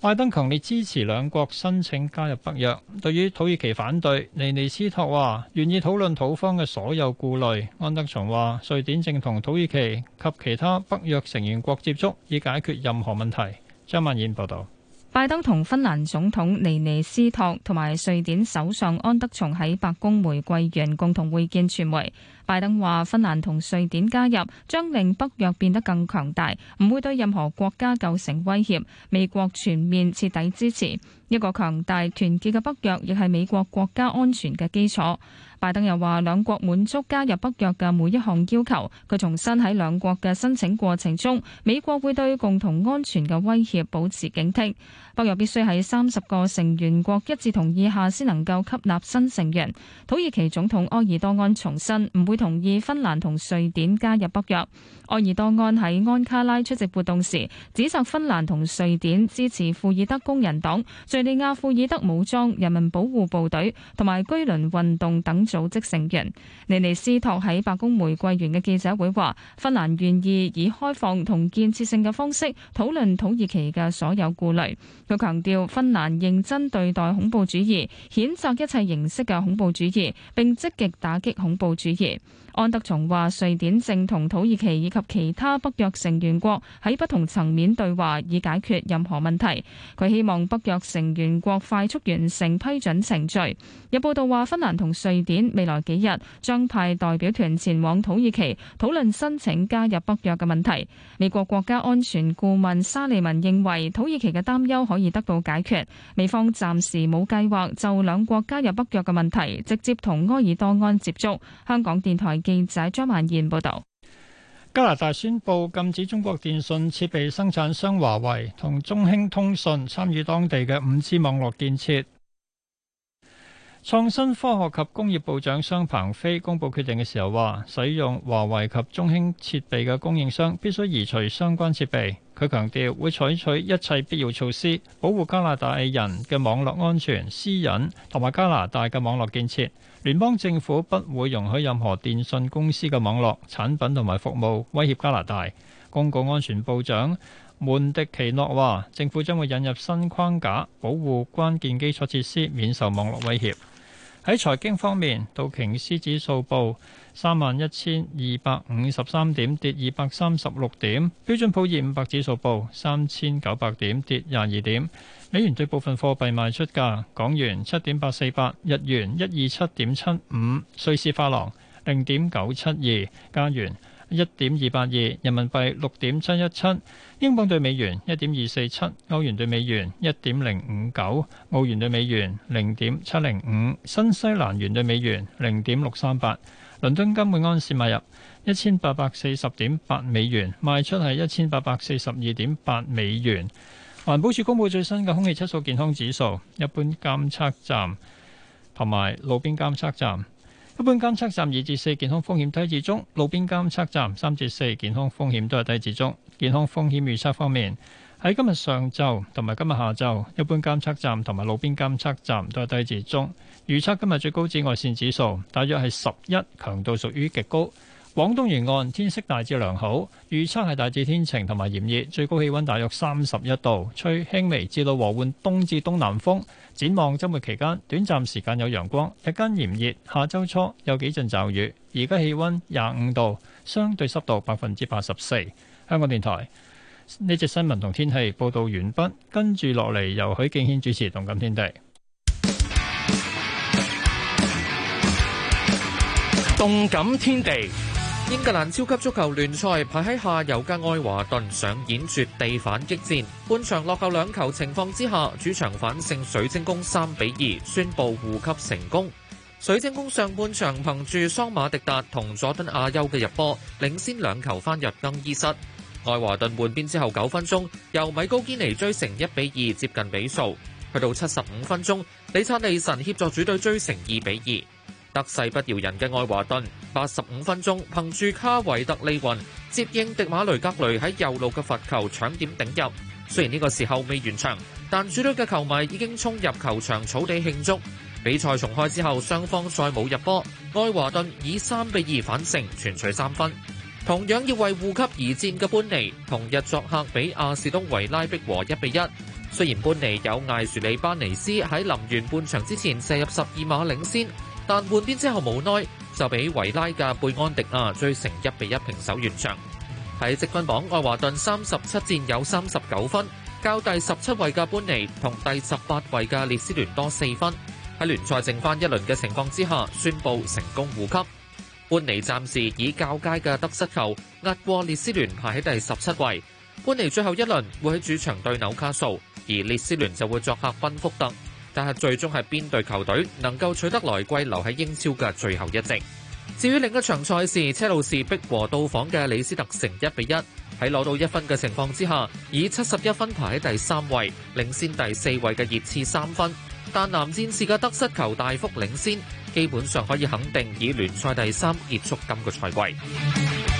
拜登強烈支持兩國申請加入北約，對於土耳其反對，尼尼斯托話願意討論土方嘅所有顧慮。安德松話瑞典正同土耳其及其他北約成員國接觸，以解決任何問題。張曼燕報導。拜登同芬蘭總統尼尼斯托同埋瑞典首相安德松喺白宮玫瑰園共同會見傳媒。拜登話：芬蘭同瑞典加入，將令北約變得更強大，唔會對任何國家構成威脅。美國全面徹底支持，一個強大團結嘅北約，亦係美國國家安全嘅基礎。拜登又話，兩國滿足加入北約嘅每一項要求。佢重申喺兩國嘅申請過程中，美國會對共同安全嘅威脅保持警惕。北約必須喺三十個成員國一致同意下先能夠吸納新成員。土耳其總統埃爾多安重申唔會同意芬蘭同瑞典加入北約。埃爾多安喺安卡拉出席活動時，指責芬蘭同瑞典支持庫爾德工人黨、敘利亞庫爾德武裝、人民保護部隊同埋居倫運動等組織成員。尼尼斯托喺白宮玫瑰園嘅記者會話：芬蘭願意以開放同建設性嘅方式討論土耳其嘅所有顧慮。佢強調，芬蘭認真對待恐怖主義，譴責一切形式嘅恐怖主義，並積極打擊恐怖主義。安德松話：瑞典正同土耳其以及其他北約成員國喺不同層面對話，以解決任何問題。佢希望北約成員國快速完成批准程序。有報道話，芬蘭同瑞典未來幾日將派代表團前往土耳其討論申請加入北約嘅問題。美國國家安全顧問沙利文認為土耳其嘅擔憂可以得到解決。美方暫時冇計劃就兩國加入北約嘅問題直接同埃爾多安接觸。香港電台。記者張曼燕報道：加拿大宣布禁止中國電信設備生產商華為同中興通訊參與當地嘅五 G 網絡建設。創新科學及工業部長商鵬飛公布決定嘅時候話，使用華為及中興設備嘅供應商必須移除相關設備。佢強調會採取一切必要措施，保護加拿大人嘅網絡安全、私隱同埋加拿大嘅網絡建設。聯邦政府不會容許任何電信公司嘅網絡產品同埋服務威脅加拿大。公共安全部長門迪奇諾話，政府將會引入新框架，保護關鍵基礎設施免受網絡威脅。喺財經方面，道瓊斯指數報三萬一千二百五十三點，跌二百三十六點；標準普爾五百指數報三千九百點，跌廿二點。美元兌部分貨幣賣出價：港元七點八四八，日元一二七點七五，瑞士法郎零點九七二，加元一點二八二，人民幣六點七一七，英鎊兌美元一點二四七，歐元兌美元一點零五九，澳元兌美元零點七零五，新西蘭元兌美元零點六三八。倫敦金每安士買入一千八百四十點八美元，賣出係一千八百四十二點八美元。環保署公布最新嘅空氣質素健康指數，一般監測站同埋路邊監測站，一般監測站二至四健康風險低至中，路邊監測站三至四健康風險都係低至中。健康風險預測方面，喺今日上晝同埋今日下晝，一般監測站同埋路邊監測站都係低至中。預測今日最高紫外線指數大約係十一，強度屬於極高。廣東沿岸天色大致良好，預測係大致天晴同埋炎熱，最高氣溫大約三十一度，吹輕微至到和緩東至東南風。展望周末期間，短暫時間有陽光，日間炎熱。下周初有幾陣驟雨。而家氣溫廿五度，相對濕度百分之八十四。香港電台呢隻新聞同天氣報道完畢，跟住落嚟，由許敬軒主持《動感天地》。《動感天地》英格蘭超級足球聯賽排喺下游嘅愛華頓上演絕地反擊戰，半場落後兩球情況之下，主場反勝水晶宮三比二宣布護級成功。水晶宮上半場憑住桑馬迪達同佐敦阿優嘅入波領先兩球返入更衣室，愛華頓換邊之後九分鐘由米高堅尼追成一比二接近比數，去到七十五分鐘李察利神協助主隊追成二比二，得勢不饒人嘅愛華頓。八十五分鐘，憑住卡維特利雲接應迪馬雷格雷喺右路嘅罰球搶點頂入。雖然呢個時候未完場，但主隊嘅球迷已經衝入球場草地慶祝。比賽重開之後，雙方再冇入波，愛華頓以三比二反勝，全取三分。同樣要為護級而戰嘅班尼，同日作客比亞士東維拉逼和一比一。雖然班尼有艾殊利班尼斯喺臨完半場之前射入十二碼領先，但換邊之後無奈，就俾維拉嘅貝安迪亞追成一比一平手完場。喺積分榜，愛華頓三十七戰有三十九分，較第十七位嘅班尼同第十八位嘅列斯聯多四分。喺聯賽剩翻一輪嘅情況之下，宣布成功護級。班尼暫時以較佳嘅得失球壓過列斯聯，排喺第十七位。班尼最後一輪會喺主場對紐卡素，而列斯聯就會作客賓福特。但係最終係邊隊球隊能夠取得來季留喺英超嘅最後一席？至於另一場賽事，車路士逼和到訪嘅李斯特城一比一，喺攞到一分嘅情況之下，以七十一分排喺第三位，領先第四位嘅熱刺三分。但藍戰士嘅得失球大幅領先，基本上可以肯定以聯賽第三結束今個賽季。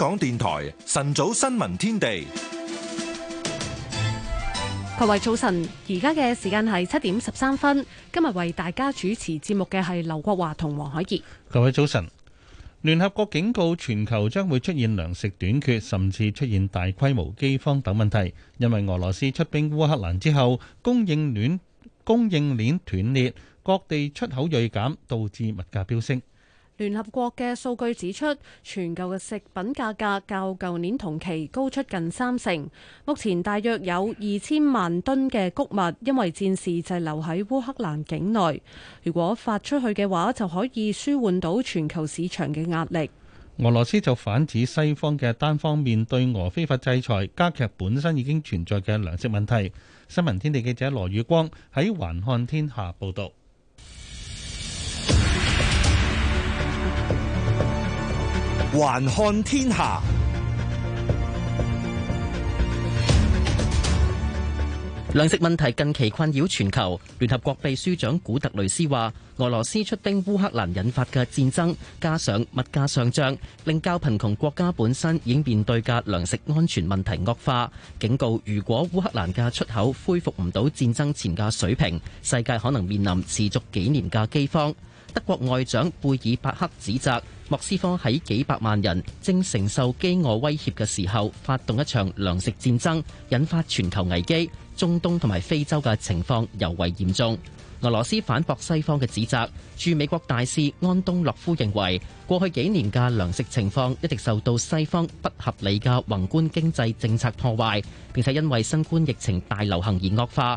港電台晨早新聞天地，各位早晨，而家嘅時間係七點十三分。今日為大家主持節目嘅係劉國華同黃海杰。各位早晨，聯合國警告全球將會出現糧食短缺，甚至出現大規模飢荒等問題，因為俄羅斯出兵烏克蘭之後，供應鏈供應鏈斷裂，各地出口銳減，導致物價飆升。聯合國嘅數據指出，全球嘅食品價格較舊年同期高出近三成。目前大約有二千萬噸嘅谷物因為戰事滯留喺烏克蘭境內，如果發出去嘅話，就可以舒緩到全球市場嘅壓力。俄羅斯就反指西方嘅單方面對俄非法制裁，加劇本身已經存在嘅糧食問題。新聞天地嘅記者羅宇光喺《環看天下》報道。還看天下，糧食問題近期困擾全球。聯合國秘書長古特雷斯話，俄羅斯出兵烏克蘭引發嘅戰爭，加上物價上漲，令較貧窮國家本身已經面對嘅糧食安全問題惡化。警告：如果烏克蘭嘅出口恢復唔到戰爭前嘅水平，世界可能面臨持續幾年嘅饑荒。德國外長貝爾伯克指責。莫斯科喺幾百萬人正承受飢餓威脅嘅時候，發動一場糧食戰爭，引發全球危機。中東同埋非洲嘅情況尤為嚴重。俄羅斯反駁西方嘅指責。駐美國大使安東諾夫認為，過去幾年嘅糧食情況一直受到西方不合理嘅宏觀經濟政策破壞，並且因為新冠疫情大流行而惡化。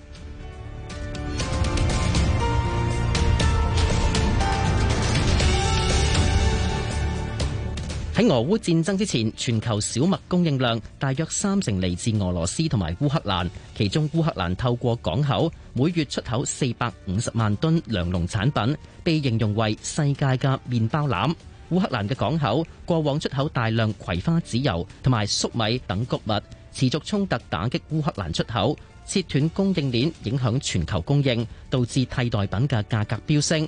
喺俄烏戰爭之前，全球小麥供應量大約三成嚟自俄羅斯同埋烏克蘭，其中烏克蘭透過港口每月出口四百五十萬噸糧農產品，被形容為世界嘅麵包籃。烏克蘭嘅港口過往出口大量葵花籽油同埋粟米等穀物，持續衝突打擊烏克蘭出口，切斷供應鏈，影響全球供應，導致替代品嘅價格飆升。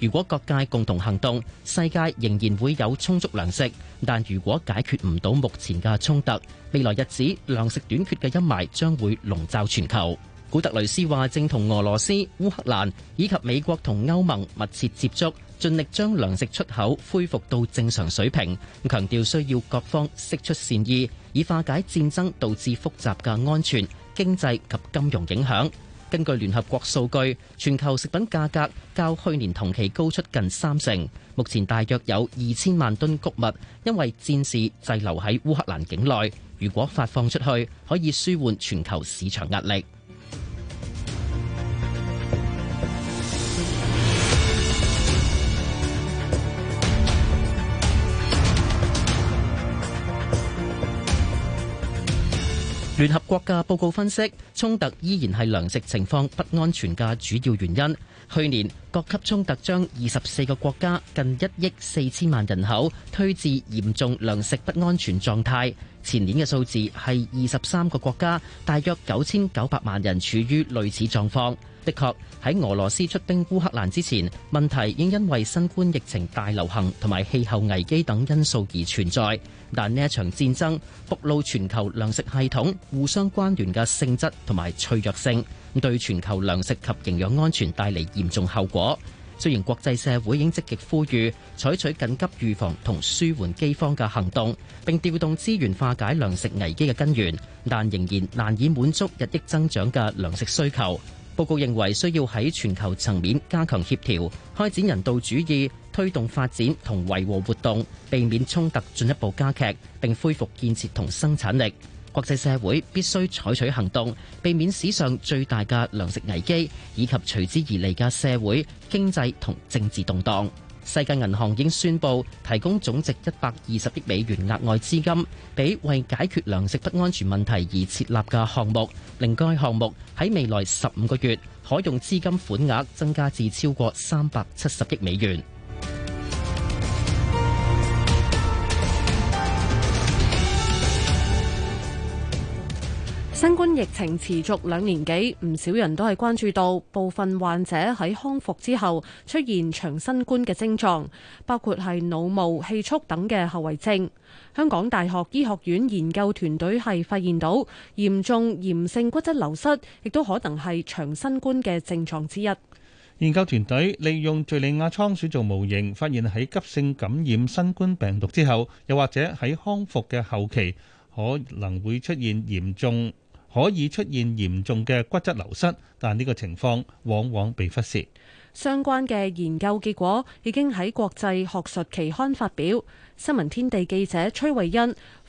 如果各界共同行動，世界仍然會有充足糧食；但如果解決唔到目前嘅衝突，未來日子糧食短缺嘅陰霾將會籠罩全球。古特雷斯話：正同俄羅斯、烏克蘭以及美國同歐盟密切接觸，盡力將糧食出口恢復到正常水平。咁強調需要各方釋出善意，以化解戰爭導致複雜嘅安全、經濟及金融影響。根據聯合國數據，全球食品價格較去年同期高出近三成。目前大約有二千萬噸穀物因為戰事滯留喺烏克蘭境內，如果發放出去，可以舒緩全球市場壓力。聯合國嘅報告分析，衝突依然係糧食情況不安全嘅主要原因。去年，各級衝突將二十四個國家近一億四千萬人口推至嚴重糧食不安全狀態。前年嘅數字係二十三個國家，大約九千九百萬人處於類似狀況。的確喺俄羅斯出兵烏克蘭之前，問題已因為新冠疫情大流行同埋氣候危機等因素而存在。但呢一場戰爭暴露全球糧食系統互相關聯嘅性質同埋脆弱性，對全球糧食及營養安全帶嚟嚴重後果。雖然國際社會已積極呼籲採取緊急預防同舒緩饑荒嘅行動，並調動資源化解糧食危機嘅根源，但仍然難以滿足日益增長嘅糧食需求。報告認為，需要喺全球層面加強協調，開展人道主義、推動發展同維和活動，避免衝突進一步加劇，並恢復建設同生產力。國際社會必須採取行動，避免史上最大嘅糧食危機以及隨之而嚟嘅社會、經濟同政治動盪。世界銀行已經宣布提供總值一百二十億美元額外資金，俾為解決糧食不安全問題而設立嘅項目，令該項目喺未來十五個月可用資金款額增加至超過三百七十億美元。新冠疫情持續兩年幾，唔少人都係關注到部分患者喺康復之後出現長新冠嘅症狀，包括係腦霧、氣促等嘅後遺症。香港大學醫學院研究團隊係發現到嚴重炎性骨質流失亦都可能係長新冠嘅症狀之一。研究團隊利用叙利亞倉鼠做模型，發現喺急性感染新冠病毒之後，又或者喺康復嘅後期，可能會出現嚴重。可以出現嚴重嘅骨質流失，但呢個情況往往被忽視。相關嘅研究結果已經喺國際學術期刊發表。新聞天地記者崔慧欣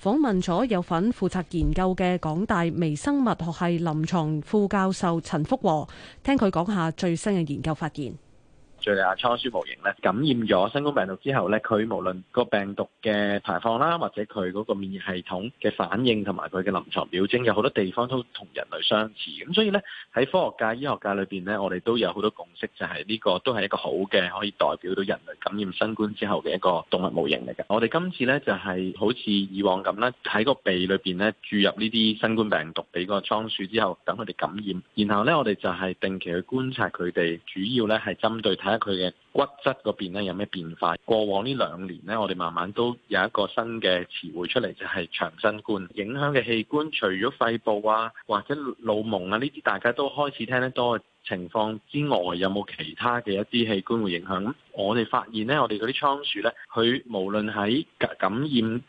訪問咗有份負責研究嘅港大微生物學系臨床副教授陳福和，聽佢講下最新嘅研究發現。敘利亞倉鼠模型咧感染咗新冠病毒之後咧，佢無論個病毒嘅排放啦，或者佢嗰個免疫系統嘅反應同埋佢嘅臨床表徵，有好多地方都同人類相似。咁所以咧喺科學界、醫學界裏邊咧，我哋都有好多共識，就係、是、呢個都係一個好嘅，可以代表到人類感染新冠之後嘅一個動物模型嚟嘅。我哋今次咧就係好似以往咁啦，喺個鼻裏邊咧注入呢啲新冠病毒俾個倉鼠之後，等佢哋感染，然後咧我哋就係定期去觀察佢哋，主要咧係針對喺佢嘅骨質嗰邊咧有咩變化？過往呢兩年咧，我哋慢慢都有一個新嘅詞彙出嚟，就係、是、長新冠影響嘅器官，除咗肺部啊，或者腦膜啊呢啲，大家都開始聽得多，情況之外，有冇其他嘅一啲器官會影響？我哋發現咧，我哋嗰啲倉鼠咧，佢無論喺感染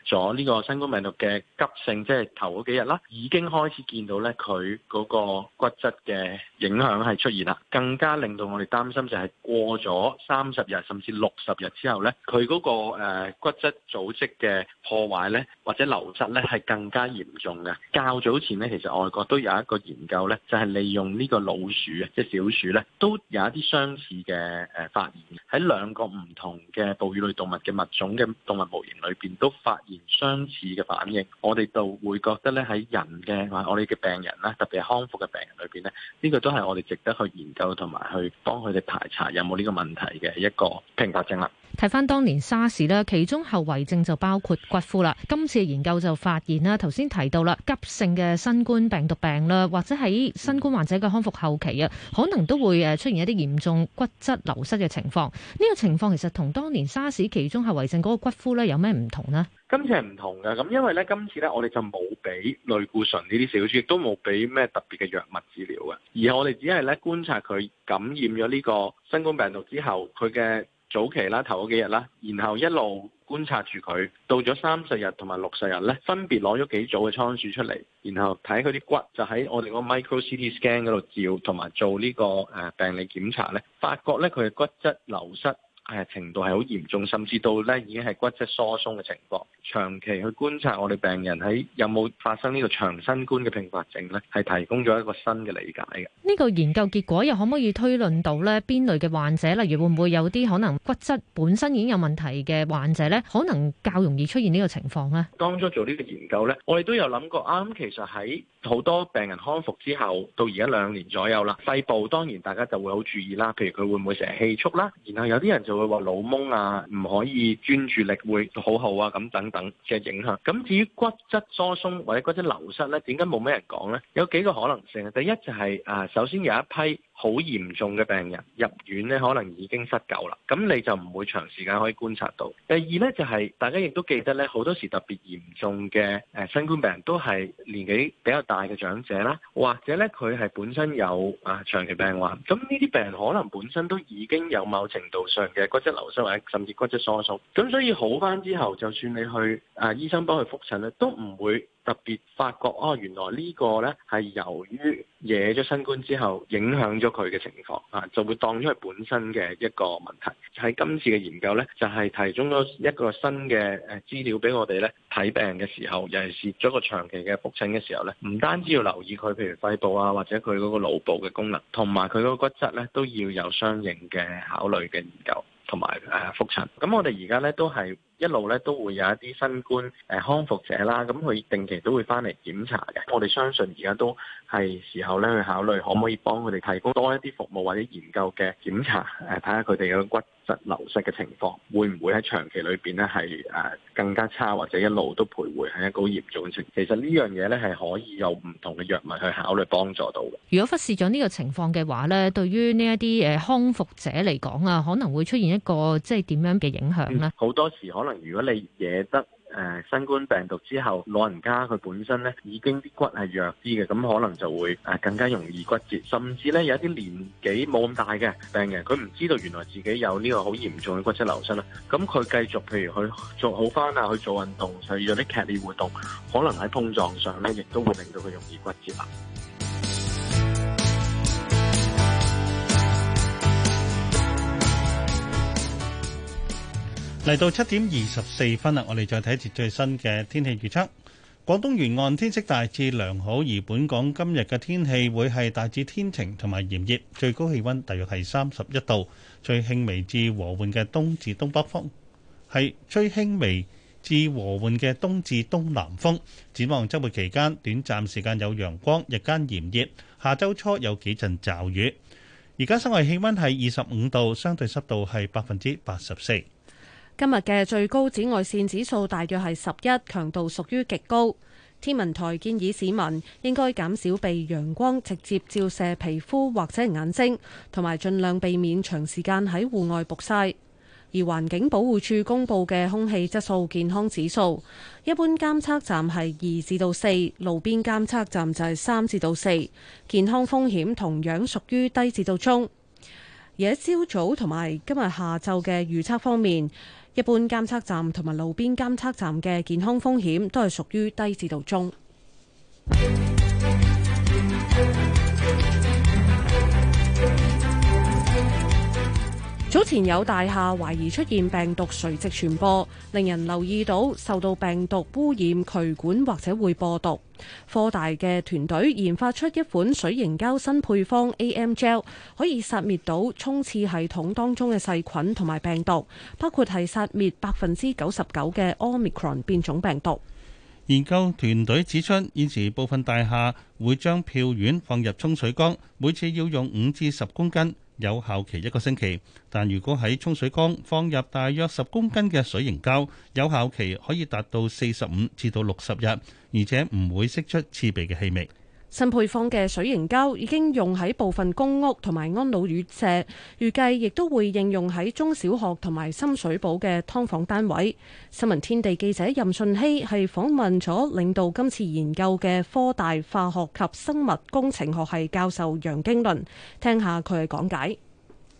咗呢個新冠病毒嘅急性，即係頭嗰幾日啦，已經開始見到咧佢嗰個骨質嘅影響係出現啦。更加令到我哋擔心就係過咗三十日甚至六十日之後咧，佢嗰個誒骨質組織嘅破壞咧或者流失咧係更加嚴重嘅。較早前咧，其實外國都有一個研究咧，就係利用呢個老鼠啊。小鼠咧都有一啲相似嘅誒發現，喺兩個唔同嘅哺乳類動物嘅物種嘅動物模型裏邊都發現相似嘅反應，我哋就會覺得咧喺人嘅話，或者我哋嘅病人啦，特別係康復嘅病人裏邊咧，呢個都係我哋值得去研究同埋去幫佢哋排查有冇呢個問題嘅一個併發症啦。睇翻當年沙士咧，其中後遺症就包括骨枯啦。今次嘅研究就發現啦，頭先提到啦，急性嘅新冠病毒病啦，或者喺新冠患者嘅康復後期啊，可能都會誒出現一啲嚴重骨質流失嘅情況。呢個情況其實同當年沙士其中後遺症嗰個骨枯咧有咩唔同呢？今次係唔同嘅，咁因為咧今次咧我哋就冇俾類固醇呢啲小豬，亦都冇俾咩特別嘅藥物治療嘅，而係我哋只係咧觀察佢感染咗呢個新冠病毒之後佢嘅。早期啦，頭嗰幾日啦，然後一路觀察住佢，到咗三十日同埋六十日咧，分別攞咗幾組嘅倉鼠出嚟，然後睇佢啲骨就喺我哋個 micro CT scan 嗰度照，同埋做呢個誒病理檢查咧，發覺咧佢嘅骨質流失。係程度係好嚴重，甚至到咧已經係骨質疏鬆嘅情況。長期去觀察我哋病人喺有冇發生呢個長新冠嘅併發症咧，係提供咗一個新嘅理解嘅。呢個研究結果又可唔可以推論到咧邊類嘅患者，例如會唔會有啲可能骨質本身已經有問題嘅患者咧，可能較容易出現呢個情況咧？當初做呢個研究咧，我哋都有諗過啊。其實喺好多病人康復之後，到而家兩年左右啦，肺部當然大家就會好注意啦。譬如佢會唔會成日氣促啦？然後有啲人就就會話腦懵啊，唔可以專注力會好好啊，咁等等嘅影響。咁至於骨質疏鬆或者骨質流失咧，點解冇咩人講咧？有幾個可能性啊。第一就係、誒、啊，首先有一批。好嚴重嘅病人入院咧，可能已經失救啦，咁你就唔會長時間可以觀察到。第二呢，就係大家亦都記得呢，好多時特別嚴重嘅誒新冠病人都係年紀比較大嘅長者啦，或者呢，佢係本身有啊長期病患，咁呢啲病人可能本身都已經有某程度上嘅骨質流失或者甚至骨質疏鬆，咁所以好返之後，就算你去啊醫生幫佢覆診咧，都唔會。特別發覺哦，原來呢個呢係由於惹咗新冠之後影響咗佢嘅情況啊，就會當咗佢本身嘅一個問題。喺今次嘅研究呢，就係提供咗一個新嘅誒資料俾我哋呢，睇病嘅時候，尤其是咗個長期嘅復診嘅時候呢，唔單止要留意佢，譬如肺部啊，或者佢嗰個腦部嘅功能，同埋佢嗰個骨質呢，都要有相應嘅考慮嘅研究同埋誒復診。咁我哋而家呢都係。一路咧都會有一啲新冠誒康復者啦，咁佢定期都會翻嚟檢查嘅。我哋相信而家都係時候咧去考慮，可唔可以幫佢哋提供多一啲服務或者研究嘅檢查，誒睇下佢哋嘅骨質流失嘅情況，會唔會喺長期裏邊咧係誒更加差，或者一路都徘徊喺一個好嚴重嘅情況。其實呢樣嘢咧係可以有唔同嘅藥物去考慮幫助到嘅。如果忽視咗呢個情況嘅話咧，對於呢一啲誒康復者嚟講啊，可能會出現一個即係點樣嘅影響咧？好、嗯、多時可能。如果你惹得誒、呃、新冠病毒之後，老人家佢本身咧已經啲骨係弱啲嘅，咁可能就會誒、呃、更加容易骨折，甚至咧有一啲年紀冇咁大嘅病人，佢唔知道原來自己有呢個好嚴重嘅骨質流失啦。咁佢繼續譬如去做好翻啊，去做運動，去做啲劇烈活動，可能喺碰撞上咧，亦都會令到佢容易骨折啊。嚟到七點二十四分啦，我哋再睇一節最新嘅天氣預測。廣東沿岸天色大致良好，而本港今日嘅天氣會係大致天晴同埋炎熱，最高氣溫大約係三十一度，最輕微至和緩嘅東至東北風，係最輕微至和緩嘅東至東南風。展望週末期間短暫時間有陽光，日間炎熱，下週初有幾陣驟雨。而家室外氣溫係二十五度，相對濕度係百分之八十四。今日嘅最高紫外線指數大約係十一，強度屬於極高。天文台建議市民應該減少被陽光直接照射皮膚或者眼睛，同埋盡量避免長時間喺戶外曝曬。而環境保護署公布嘅空氣質素健康指數，一般監測站係二至到四，路邊監測站就係三至到四，健康風險同樣屬於低至到中。而喺朝早同埋今日下晝嘅預測方面。一般監測站同埋路邊監測站嘅健康風險都係屬於低至度中。早前有大廈懷疑出現病毒垂直傳播，令人留意到受到病毒污染渠管或者會播毒。科大嘅團隊研發出一款水凝膠新配方 AM g el，可以殺滅到沖廁系統當中嘅細菌同埋病毒，包括係殺滅百分之九十九嘅 Omicron 變種病毒。研究團隊指出，現時部分大廈會將票丸放入沖水缸，每次要用五至十公斤。有效期一個星期，但如果喺沖水缸放入大約十公斤嘅水凝膠，有效期可以達到四十五至到六十日，而且唔會釋出刺鼻嘅氣味。新配方嘅水凝膠已經用喺部分公屋同埋安老院舍，預計亦都會應用喺中小學同埋深水埗嘅劏房單位。新聞天地記者任順希係訪問咗領導今次研究嘅科大化學及生物工程學系教授楊經倫，聽下佢嘅講解。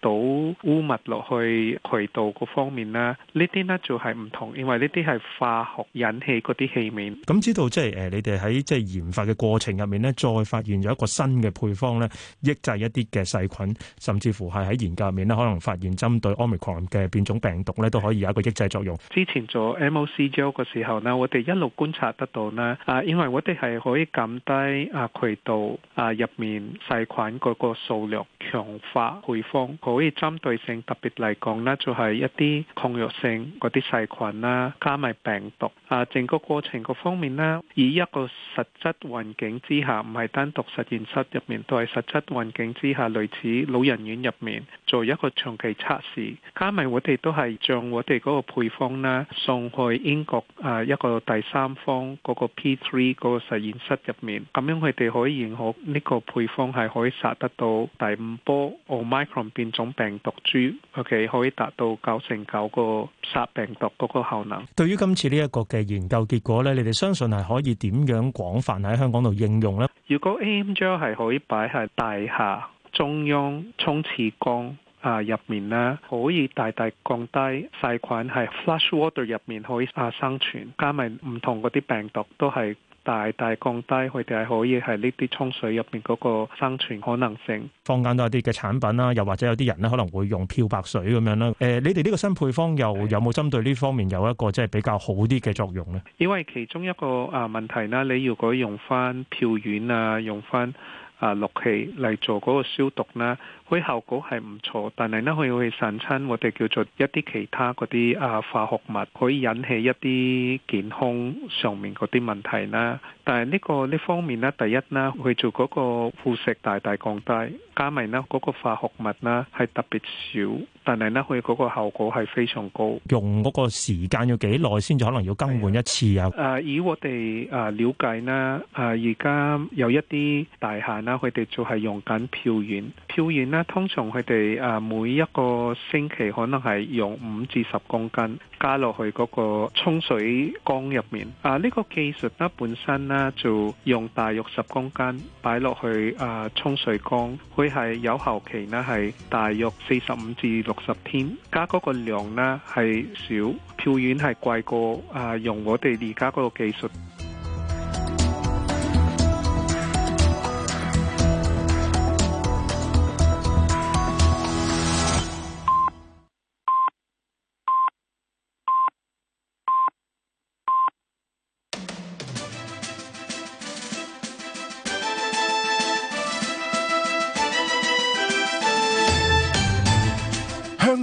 倒污物落去渠道嗰方面咧，呢啲咧就係唔同，因為呢啲係化學引起嗰啲氣面，咁知道即係誒，你哋喺即係研發嘅過程入面咧，再發現有一個新嘅配方咧，抑制一啲嘅細菌，甚至乎係喺研究入面咧，可能發現針對 omicron 嘅變種病毒咧，都可以有一個抑制作用。之前做 MOCG 嘅時候咧，我哋一路觀察得到咧，啊，因為我哋係可以減低啊渠道啊入面細菌嗰個數量，強化配方。可以針對性特別嚟講呢就係，是，一啲抗藥性嗰啲細菌啦，啊，加埋病毒啊，整個過程各方面呢，以一個實質環境之下，唔係單獨實驗室入面，都係實質環境之下，類似老人院入面，做一個長期測試，加埋我哋都係將我哋嗰個配方咧送去英國啊一個第三方嗰、那個 P 三嗰個實驗室入面，咁樣佢哋可以認可呢個配方係可以殺得到第五波 Omicron 變，奧變種病毒株，OK 可以達到九成九個殺病毒嗰個效能。對於今次呢一個嘅研究結果呢，你哋相信係可以點樣廣泛喺香港度應用呢？如果 AMG 係可以擺喺大廈、中央、沖廁缸啊入面呢，可以大大降低細菌喺 flash water 入面可以啊生存，加埋唔同嗰啲病毒都係。大大降低佢哋係可以喺呢啲沖水入邊嗰個生存可能性。坊間多一啲嘅產品啦，又或者有啲人咧，可能會用漂白水咁樣啦。誒、呃，你哋呢個新配方又的有冇針對呢方面有一個即係比較好啲嘅作用呢？因為其中一個啊問題啦，你如果用翻漂丸啊，用翻啊氯氣嚟做嗰個消毒咧。佢效果係唔錯，但係呢，佢會散親，我哋叫做一啲其他嗰啲啊化學物，可以引起一啲健康上面嗰啲問題啦。但係呢個呢方面呢，第一啦，佢做嗰個輻射大大降低，加埋呢嗰個化學物啦係特別少，但係呢，佢嗰個效果係非常高。用嗰個時間要幾耐先至可能要更換一次啊？誒，以我哋誒了解咧誒，而家有一啲大廈啦，佢哋就係用緊票遠票遠咧。通常佢哋啊，每一個星期可能係用五至十公斤加落去嗰個沖水缸入面啊。呢個技術咧本身呢，就用大約十公斤擺落去啊沖水缸，佢係有效期呢，係大約四十五至六十天。加嗰個量呢，係少，票遠係貴過啊用我哋而家嗰個技術。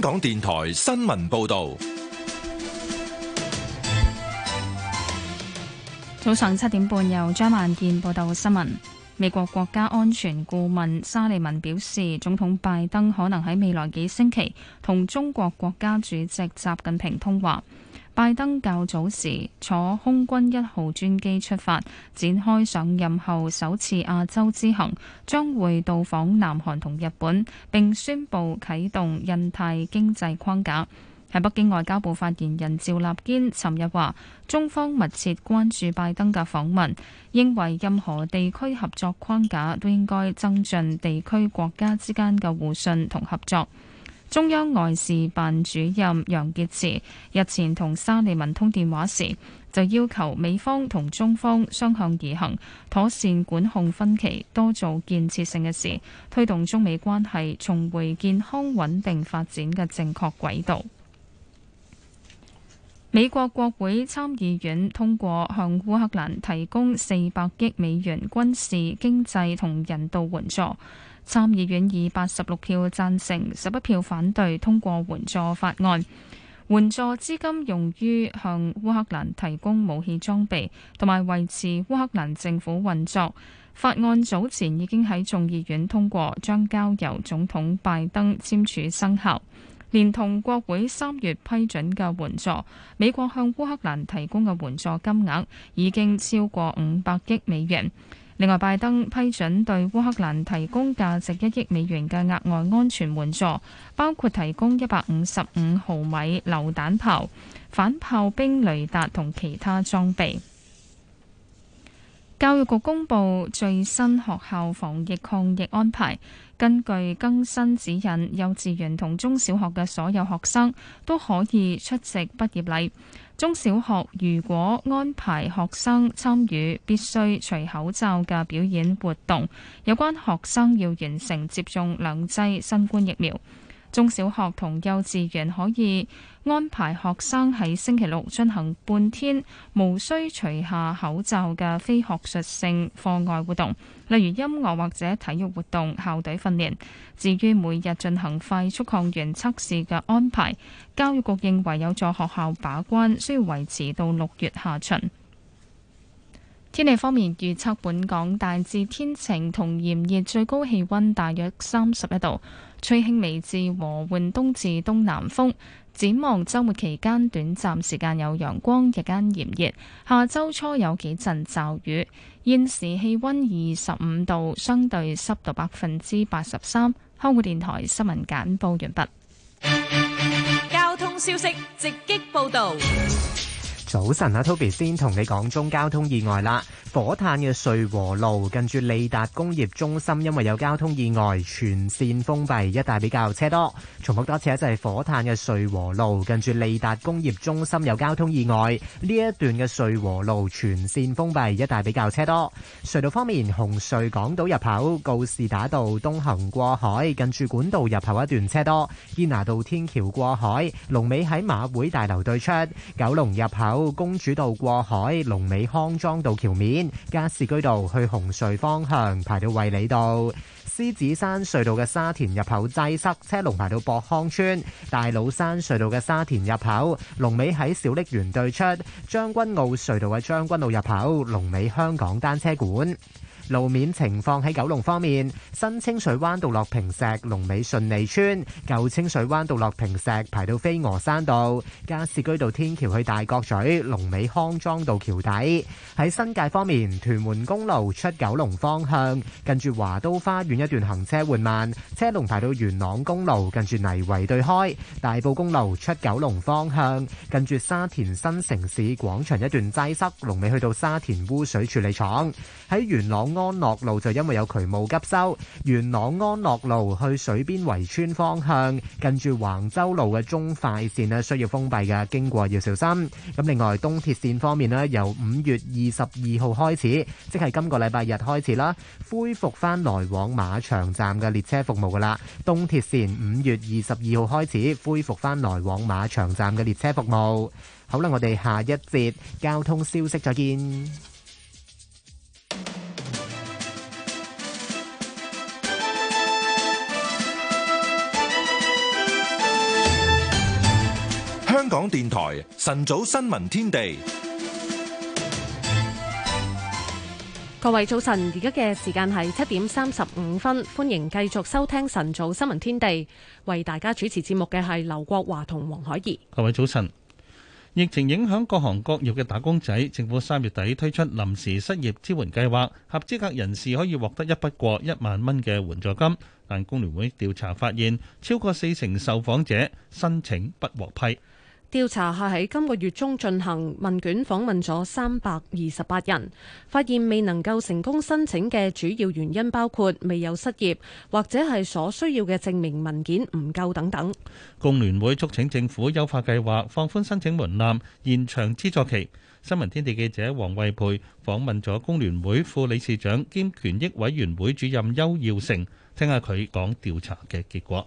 香港電台新聞報道，早上七點半由張萬健報道新聞。美國國家安全顧問沙利文表示，總統拜登可能喺未來幾星期同中國國家主席習近平通話。拜登較早時坐空軍一號專機出發，展開上任後首次亞洲之行，將會到訪南韓同日本，並宣布啟動印太經濟框架。喺北京，外交部發言人趙立堅尋日話，中方密切關注拜登嘅訪問，認為任何地區合作框架都應該增進地區國家之間嘅互信同合作。中央外事辦主任楊潔篪日前同沙利文通電話時，就要求美方同中方相向而行，妥善管控分歧，多做建設性嘅事，推動中美關係重回健康穩定發展嘅正確軌道。美國國會參議院通過向烏克蘭提供四百億美元軍事、經濟同人道援助。參議院以八十六票贊成、十一票反對通過援助法案。援助資金用於向烏克蘭提供武器裝備，同埋維持烏克蘭政府運作。法案早前已經喺眾議院通過，將交由總統拜登簽署生效。連同國會三月批准嘅援助，美國向烏克蘭提供嘅援助金額已經超過五百億美元。另外，拜登批准對烏克蘭提供價值一億美元嘅額外安全援助，包括提供一百五十五毫米榴彈炮、反炮兵雷達同其他裝備。教育局公佈最新學校防疫抗疫安排，根據更新指引，幼稚園同中小學嘅所有學生都可以出席畢業禮。中小學如果安排學生參與必須除口罩嘅表演活動，有關學生要完成接種兩劑新冠疫苗。中小學同幼稚園可以，安排學生喺星期六進行半天無需除下口罩嘅非學術性課外活動，例如音樂或者體育活動、校隊訓練。至於每日進行快速抗原測試嘅安排，教育局認為有助學校把關，需要維持到六月下旬。天氣方面預測，預測本港大致天晴同炎熱，最高氣温大約三十一度，吹輕微至和緩東至東南風。展望周末期間，短暫時間有陽光，日間炎熱。下周初有幾陣驟雨。現時氣温二十五度，相對濕度百分之八十三。香港電台新聞簡報完畢。交通消息直擊報導。早晨啊，Toby 先同你講中交通意外啦。火炭嘅瑞和路近住利達工業中心，因為有交通意外，全線封閉，一帶比較車多。重複多次啊，就係火炭嘅瑞和路近住利達工業中心有交通意外，呢一段嘅瑞和路全線封閉，一帶比較車多。隧道方面，紅隧港島入口告士打道東行過海，近住管道入口一段車多。堅拿道天橋過海，龍尾喺馬會大樓對出，九龍入口。公主道過海、龍尾康莊道橋面、加士居道去紅隧方向排到衛理道；獅子山隧道嘅沙田入口擠塞，車龍排到博康村；大老山隧道嘅沙田入口、龍尾喺小瀝源對出；將軍澳隧道嘅將軍澳入口、龍尾香港單車館。路面情況喺九龍方面，新清水灣道落坪石，龍尾順利村；舊清水灣道落坪石，排到飛鵝山道，加士居道天橋去大角咀，龍尾康莊道橋底。喺新界方面，屯門公路出九龍方向，跟住華都花園一段行車緩慢，車龍排到元朗公路，跟住泥圍對開；大埔公路出九龍方向，跟住沙田新城市廣場一段擠塞，龍尾去到沙田污水處理廠。喺元朗，安樂路就因為有渠務急修，元朗安樂路去水邊圍村方向，近住橫州路嘅中快線咧需要封閉嘅，經過要小心。咁另外東鐵線方面咧，由五月二十二號開始，即係今個禮拜日開始啦，恢復翻來往馬場站嘅列車服務噶啦。東鐵線五月二十二號開始恢復翻來往馬場站嘅列車服務。好啦，我哋下一節交通消息再見。港電台晨早新聞天地，各位早晨，而家嘅時間係七點三十五分，歡迎繼續收聽晨早新聞天地。為大家主持節目嘅係劉國華同黃海怡。各位早晨，疫情影響各行各業嘅打工仔，政府三月底推出臨時失業支援計劃，合資格人士可以獲得一筆過一萬蚊嘅援助金。但工聯會調查發現，超過四成受訪者申請不獲批。調查下喺今個月中進行，問卷訪問咗三百二十八人，發現未能夠成功申請嘅主要原因包括未有失業或者係所需要嘅證明文件唔夠等等。工聯會促請政府優化計劃，放寬申請門檻，延長資助期。新聞天地記者黃惠佩訪問咗工聯會副理事長兼權益委員會主任邱耀成，聽下佢講調查嘅結果。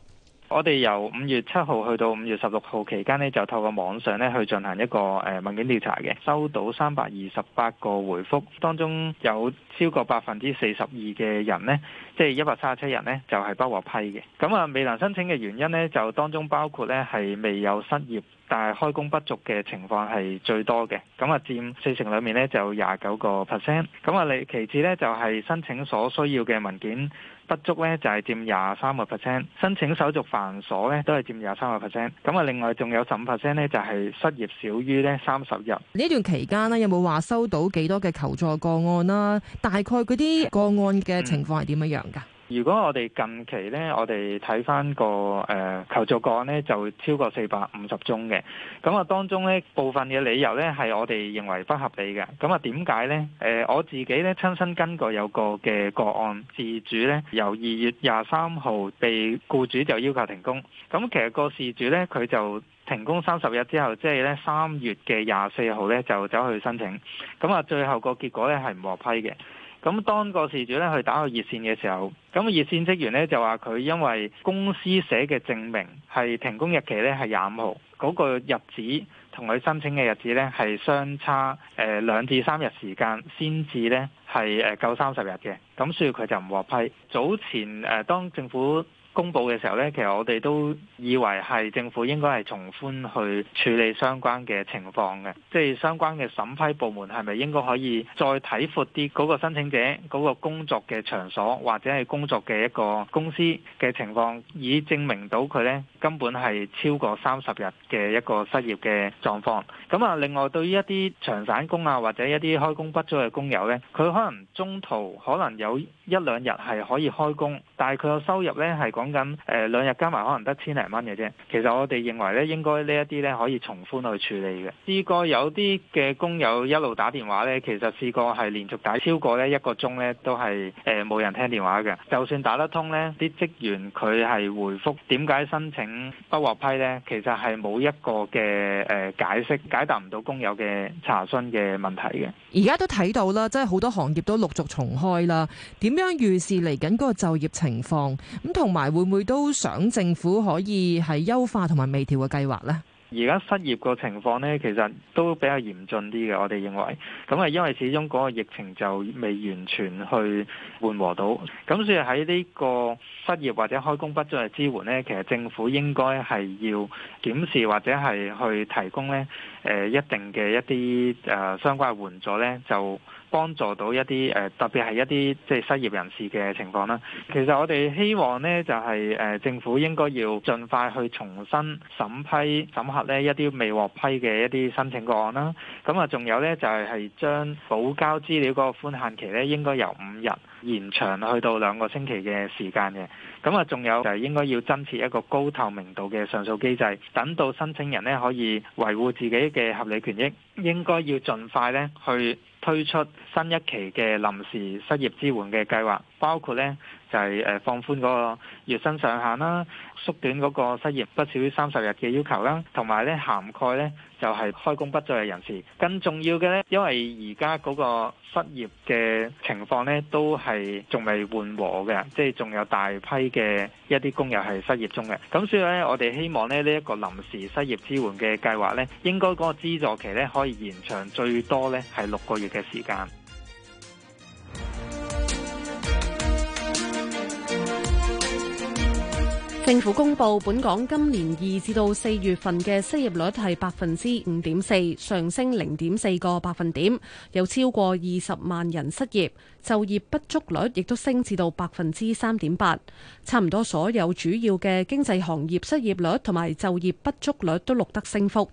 我哋由五月七號去到五月十六號期間呢，就透過網上咧去進行一個誒問卷調查嘅，收到三百二十八個回覆，當中有超過百分之四十二嘅人呢，即係一百三十七人呢，就係、是、不獲批嘅。咁啊，未能申請嘅原因呢，就當中包括呢係未有失業，但係開工不足嘅情況係最多嘅。咁啊，佔四成裏面呢，就廿九個 percent。咁啊，你其次呢，就係、是、申請所需要嘅文件。不足咧就係、是、佔廿三個 percent，申請手續繁瑣咧都係佔廿三個 percent。咁啊，另外仲有十五 percent 咧就係、是、失業少於咧三十日。呢段期間咧有冇話收到幾多嘅求助個案啦？大概嗰啲個案嘅情況係點樣樣噶？嗯如果我哋近期呢，我哋睇翻個誒、呃、求助個案呢，就超過四百五十宗嘅。咁啊，當中呢部分嘅理由呢，係我哋認為不合理嘅。咁啊，點解呢？誒、呃，我自己呢，親身跟過有個嘅個，個案事主呢，由二月廿三號被雇主就要求停工。咁其實個事主呢，佢就停工三十日之後，即係呢三月嘅廿四號呢，就走去申請。咁啊，最後個結果呢，係唔獲批嘅。咁當個事主咧去打個熱線嘅時候，咁熱線職員咧就話佢因為公司寫嘅證明係停工日期咧係廿五號，嗰個日子同佢申請嘅日子咧係相差誒兩至三日時間，先至咧係誒夠三十日嘅，咁所以佢就唔獲批。早前誒當政府公布嘅時候咧，其實我哋都以為係政府應該係從寬去處理相關嘅情況嘅，即係相關嘅審批部門係咪應該可以再睇闊啲嗰個申請者嗰個工作嘅場所或者係工作嘅一個公司嘅情況，以證明到佢咧根本係超過三十日嘅一個失業嘅狀況。咁啊，另外對於一啲長散工啊或者一啲開工不足嘅工友咧，佢可能中途可能有一兩日係可以開工。但係佢個收入咧係講緊誒兩日加埋可能得千零蚊嘅啫。其實我哋認為咧，應該呢一啲咧可以從寬去處理嘅。試過有啲嘅工友一路打電話咧，其實試過係連續打超過咧一個鐘咧，都係誒冇人聽電話嘅。就算打得通咧，啲職員佢係回覆點解申請不獲批咧，其實係冇一個嘅誒解釋解答唔到工友嘅查詢嘅問題嘅。而家都睇到啦，即係好多行業都陸續重開啦。點樣預示嚟緊嗰個就業情況咁，同埋會唔會都想政府可以係優化同埋微調嘅計劃呢？而家失業個情況呢，其實都比較嚴峻啲嘅。我哋認為咁係因為始終嗰個疫情就未完全去緩和到，咁所以喺呢個失業或者開工不足嘅支援呢，其實政府應該係要檢視或者係去提供呢誒、呃、一定嘅一啲誒、呃、相關援助呢。就。幫助到一啲誒，特別係一啲即係失業人士嘅情況啦。其實我哋希望呢，就係誒政府應該要盡快去重新審批審核呢一啲未獲批嘅一啲申請個案啦。咁啊，仲有呢，就係係將補交資料嗰個寬限期呢，應該由五日，延長去到兩個星期嘅時間嘅，咁啊仲有就係應該要增設一個高透明度嘅上訴機制，等到申請人呢可以維護自己嘅合理權益，應該要盡快呢去推出新一期嘅臨時失業支援嘅計劃。包括咧就係誒放寬嗰個月薪上限啦，縮短嗰個失業不少於三十日嘅要求啦，同埋咧涵蓋咧就係開工不足嘅人士。更重要嘅咧，因為而家嗰個失業嘅情況咧都係仲未緩和嘅，即係仲有大批嘅一啲工友係失業中嘅。咁所以咧，我哋希望咧呢一個臨時失業支援嘅計劃咧，應該嗰個資助期咧可以延長最多咧係六個月嘅時間。政府公布，本港今年二至到四月份嘅失業率係百分之五點四，上升零點四個百分點，有超過二十萬人失業，就業不足率亦都升至到百分之三點八。差唔多所有主要嘅經濟行業失業率同埋就業不足率都錄得升幅。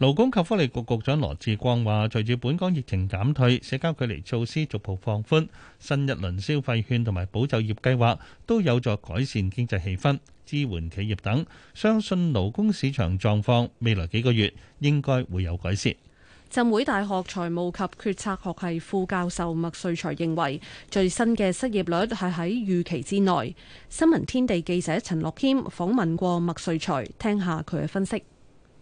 勞工及福利局局局長羅志光話，隨住本港疫情減退，社交距離措施逐步放寬，新一輪消費券同埋保就業計劃都有助改善經濟氣氛，支援企業等，相信勞工市場狀況未來幾個月應該會有改善。浸會大學財務及決策學系副教授麥瑞才認為，最新嘅失業率係喺預期之內。新聞天地記者陳樂謙訪問過麥瑞才，聽下佢嘅分析。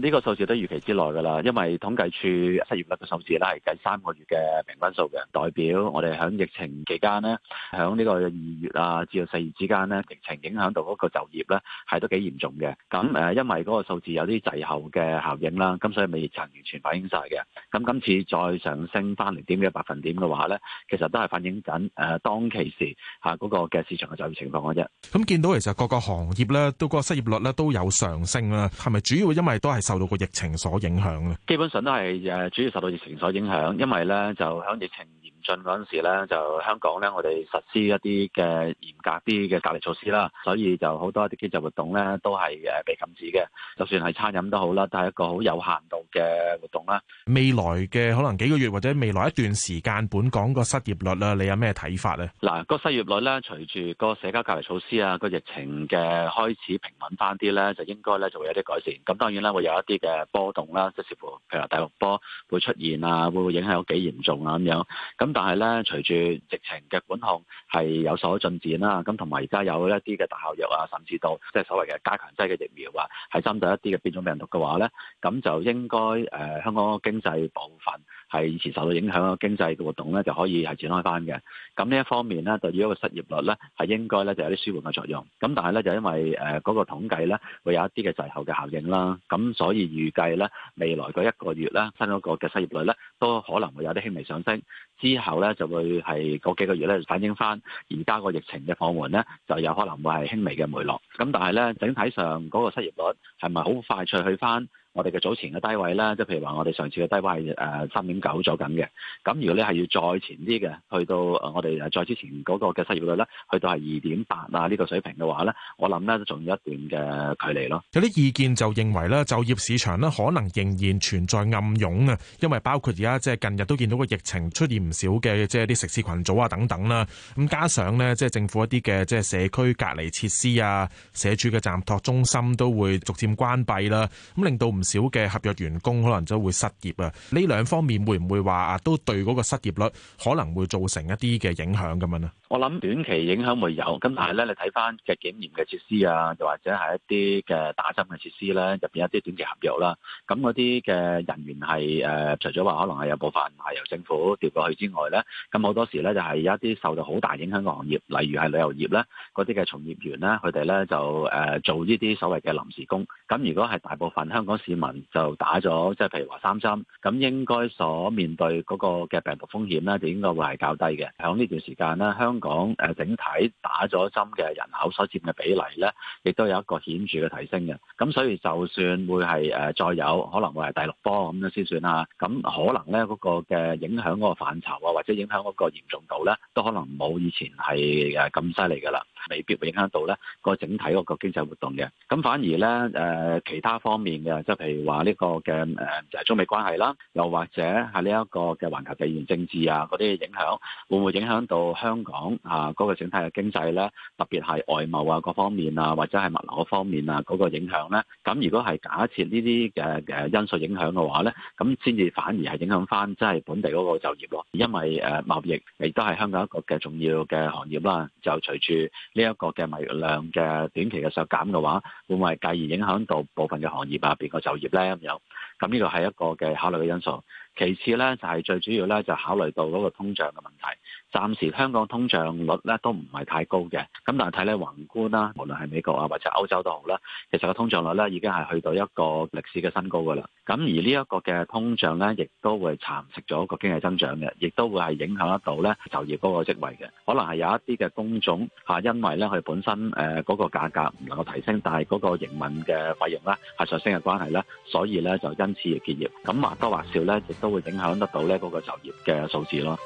呢個數字都預期之內㗎啦，因為統計處失業率嘅數字咧係計三個月嘅平均數嘅代表，我哋喺疫情期間咧，喺呢個二月啊至到四月之間咧，疫情影響到嗰個就業咧係都幾嚴重嘅。咁誒，因為嗰個數字有啲滯後嘅效應啦，咁所以未曾完全反映晒嘅。咁今次再上升翻零點幾百分點嘅話咧，其實都係反映緊誒當其時吓嗰個嘅市場嘅就業情況嘅啫。咁見到其實各個行業咧，都個失業率咧都有上升啦，係咪主要因為都係？受到個疫情所影響，咧，基本上都係誒主要受到疫情所影響，因為咧就響疫情。進嗰陣時咧，就香港咧，我哋實施一啲嘅嚴格啲嘅隔離措施啦，所以就好多一啲經濟活動咧都係誒被禁止嘅，就算係餐飲都好啦，都係一個好有限度嘅活動啦。未來嘅可能幾個月或者未來一段時間，本港個失業率啊，你有咩睇法咧？嗱，個失業率咧，隨住個社交隔離措施啊，個疫情嘅開始平穩翻啲咧，就應該咧就會有啲改善。咁當然咧會有一啲嘅波動啦，即係似乎譬如話第六波會出現啊，會唔會影響有幾嚴重啊咁樣咁。但係咧，隨住疫情嘅管控係有所進展啦，咁同埋而家有一啲嘅特效藥啊，甚至到即係所謂嘅加強劑嘅疫苗啊，係針對一啲嘅變種病毒嘅話咧，咁就應該誒、呃、香港經濟部分。係以前受到影響嘅經濟活動咧，就可以係轉開翻嘅。咁呢一方面咧，對於一個失業率咧，係應該咧就有啲舒緩嘅作用。咁但係咧，就因為誒嗰、呃那個統計咧，會有一啲嘅滯後嘅效應啦。咁所以預計咧，未來個一個月咧，新嗰個嘅失業率咧，都可能會有啲輕微上升。之後咧就會係嗰幾個月咧反映翻而家個疫情嘅放緩咧，就有可能會係輕微嘅回落。咁但係咧，整體上嗰、那個失業率係咪好快脆去翻？我哋嘅早前嘅低位啦，即係譬如話，我哋上次嘅低位係誒三點九左緊嘅，咁如果你係要再前啲嘅，去到誒我哋誒再之前嗰個嘅失業率咧，去到係二點八啊呢個水平嘅話咧，我諗咧都仲有一段嘅距離咯。有啲意見就認為咧，就業市場咧可能仍然存在暗湧啊，因為包括而家即係近日都見到個疫情出現唔少嘅即係啲食肆群組啊等等啦，咁加上咧即係政府一啲嘅即係社區隔離設施啊、社署嘅暫托中心都會逐漸關閉啦，咁令到唔少。少嘅合約員工可能就會失業啊！呢兩方面會唔會話啊都對嗰個失業率可能會造成一啲嘅影響咁樣咧？我諗短期影響會有，咁但係咧你睇翻嘅檢驗嘅設施啊，又或者係一啲嘅打針嘅設施咧，入邊有啲短期合約啦，咁嗰啲嘅人員係誒除咗話可能係有部分係由政府調過去之外咧，咁好多時咧就係有一啲受到好大影響嘅行業，例如係旅遊業咧嗰啲嘅從業員咧，佢哋咧就誒做呢啲所謂嘅臨時工。咁如果係大部分香港市市民就打咗，即係譬如話三針，咁應該所面對嗰個嘅病毒風險咧，就應該會係較低嘅。響呢段時間咧，香港誒整體打咗針嘅人口所佔嘅比例咧，亦都有一個顯著嘅提升嘅。咁所以就算會係誒再有可能會係第六波咁樣先算啊，咁可能咧嗰、嗰個嘅影響嗰個範疇啊，或者影響嗰個嚴重度咧，都可能冇以前係誒咁犀利噶啦。未必會影響到咧個整體嗰個經濟活動嘅，咁反而咧誒、呃、其他方面嘅，即係譬如話呢個嘅誒、呃、中美關係啦，又或者係呢一個嘅環球地緣政治啊嗰啲影響，會唔會影響到香港嚇、啊、嗰、嗰個整體嘅經濟咧？特別係外貿啊各方面啊，或者係物流嗰方面啊嗰、嗰個影響咧？咁如果係假設呢啲嘅誒因素影響嘅話咧，咁先至反而係影響返即係本地嗰個就業咯，因為誒貿易亦都係香港一個嘅重要嘅行業啦，就隨住。呢一個嘅物量嘅短期嘅削減嘅話，會唔會係繼而影響到部分嘅行業下、啊、邊個就業咧咁樣？咁、嗯、呢、呢個係一個嘅考慮嘅因素。其次咧，就係、是、最主要咧，就是、考慮到嗰個通脹嘅問題。暫時香港通脹率咧都唔係太高嘅，咁但係睇咧宏觀啦，無論係美國啊或者歐洲都好啦，其實個通脹率咧已經係去到一個歷史嘅新高噶啦。咁而呢一個嘅通脹咧，亦都會蠶食咗一個經濟增長嘅，亦都會係影響得到咧就業嗰個職位嘅。可能係有一啲嘅工種吓，因為咧佢本身誒嗰個價格唔能夠提升，但係嗰個營運嘅費用咧係上升嘅關係咧，所以咧就因此而結業。咁或多或少咧，亦都會影響得到咧嗰個就業嘅數字咯。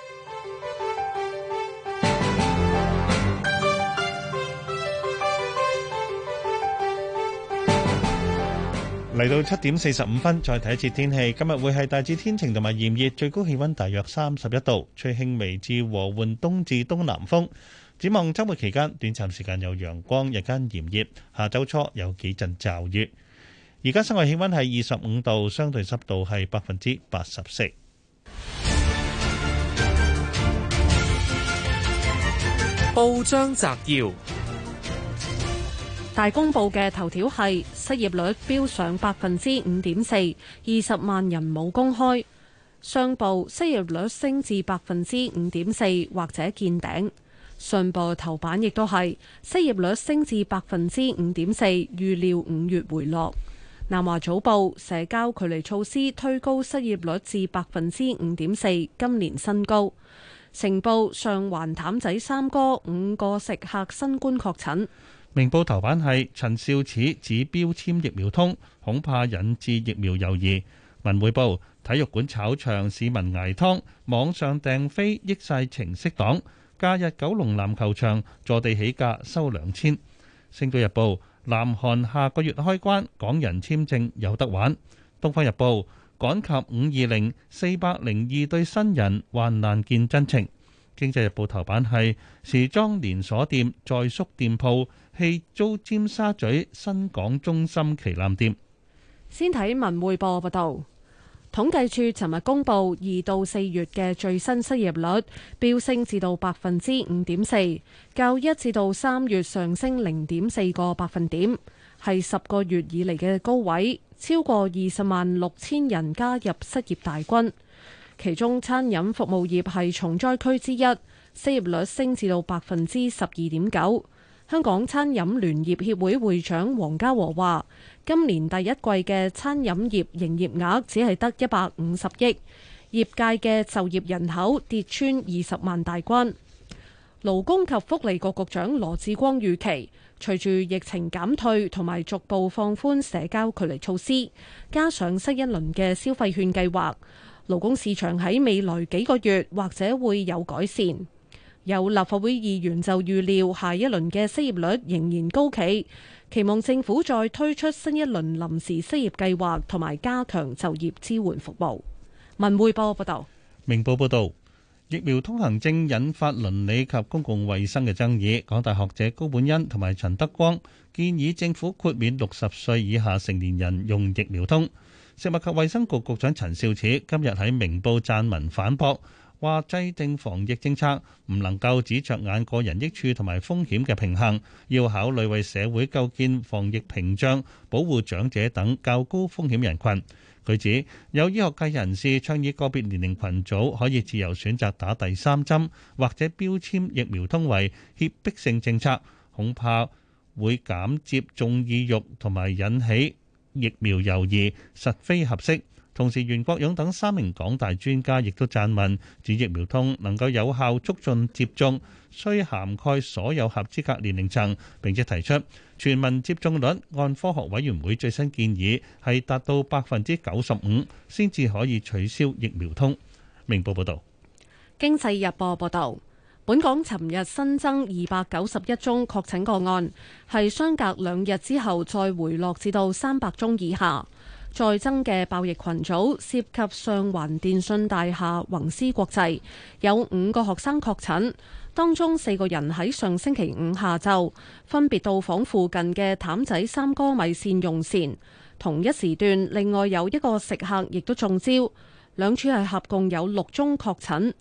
嚟到七點四十五分，再睇一次天氣。今日會係大致天晴同埋炎熱，最高氣溫大約三十一度，吹輕微至和緩東至東南風。展望周末期間，短暫時間有陽光，日間炎熱，下周初有幾陣驟雨。而家室外氣溫係二十五度，相對濕度係百分之八十四。報章摘要。大公報嘅頭條係失業率飆上百分之五點四，二十萬人冇公開。商報失業率升至百分之五點四，或者見頂。信報頭版亦都係失業率升至百分之五點四，預料五月回落。南華早報社交距離措施推高失業率至百分之五點四，今年新高。成報上環譚仔三哥五個食客新冠確診。明報頭版係陳肇始指標籤疫苗通，恐怕引致疫苗猶疑。文匯報體育館炒場，市民捱湯；網上訂飛，益曬情色黨。假日九龍籃球場坐地起價，收兩千。星島日報南韓下個月開關，港人簽證有得玩。東方日報趕及五二零，四百零二對新人患難見真情。經濟日報頭版係時裝連鎖店再縮店鋪。棄租尖沙咀新港中心旗艦店。先睇文匯報報道，統計處尋日公布二到四月嘅最新失業率，飆升至到百分之五點四，較一至到三月上升零點四個百分點，係十個月以嚟嘅高位，超過二十萬六千人加入失業大軍。其中餐飲服務業係重災區之一，失業率升至到百分之十二點九。香港餐飲聯業協會會長黃家和話：今年第一季嘅餐飲業營業額只係得一百五十億，業界嘅就業人口跌穿二十萬大關。勞工及福利局局長羅志光預期，隨住疫情減退同埋逐步放寬社交距離措施，加上新一輪嘅消費券計劃，勞工市場喺未來幾個月或者會有改善。有立法會議員就預料下一輪嘅失業率仍然高企，期望政府再推出新一輪臨時失業計劃同埋加強就業支援服務。文匯報報導，明報報導，疫苗通行證引發倫理及公共衞生嘅爭議。港大學者高本恩同埋陳德光建議政府豁免六十歲以下成年人用疫苗通。食物及衞生局局長陳肇始今日喺明報撰文反駁。話制定防疫政策唔能夠只着眼個人益處同埋風險嘅平衡，要考慮為社會構建防疫屏障，保護長者等較高風險人群。佢指有醫學界人士倡議個別年齡群組可以自由選擇打第三針，或者標籤疫苗通為脅迫性政策，恐怕會減接種意欲同埋引起疫苗猶豫，實非合適。同時，袁國勇等三名港大專家亦都撰文，指疫苗通能夠有效促進接種，需涵蓋所有合資格年齡層。並且提出，全民接種率按科學委員會最新建議係達到百分之九十五先至可以取消疫苗通。明報報導，經濟日報報導，本港尋日新增二百九十一宗確診個案，係相隔兩日之後再回落至到三百宗以下。再增嘅爆疫群組涉及上環電訊大廈宏思國際，有五個學生確診，當中四個人喺上星期五下晝分別到訪附近嘅譚仔三哥米線用膳，同一時段另外有一個食客亦都中招，兩處係合共有六宗確診。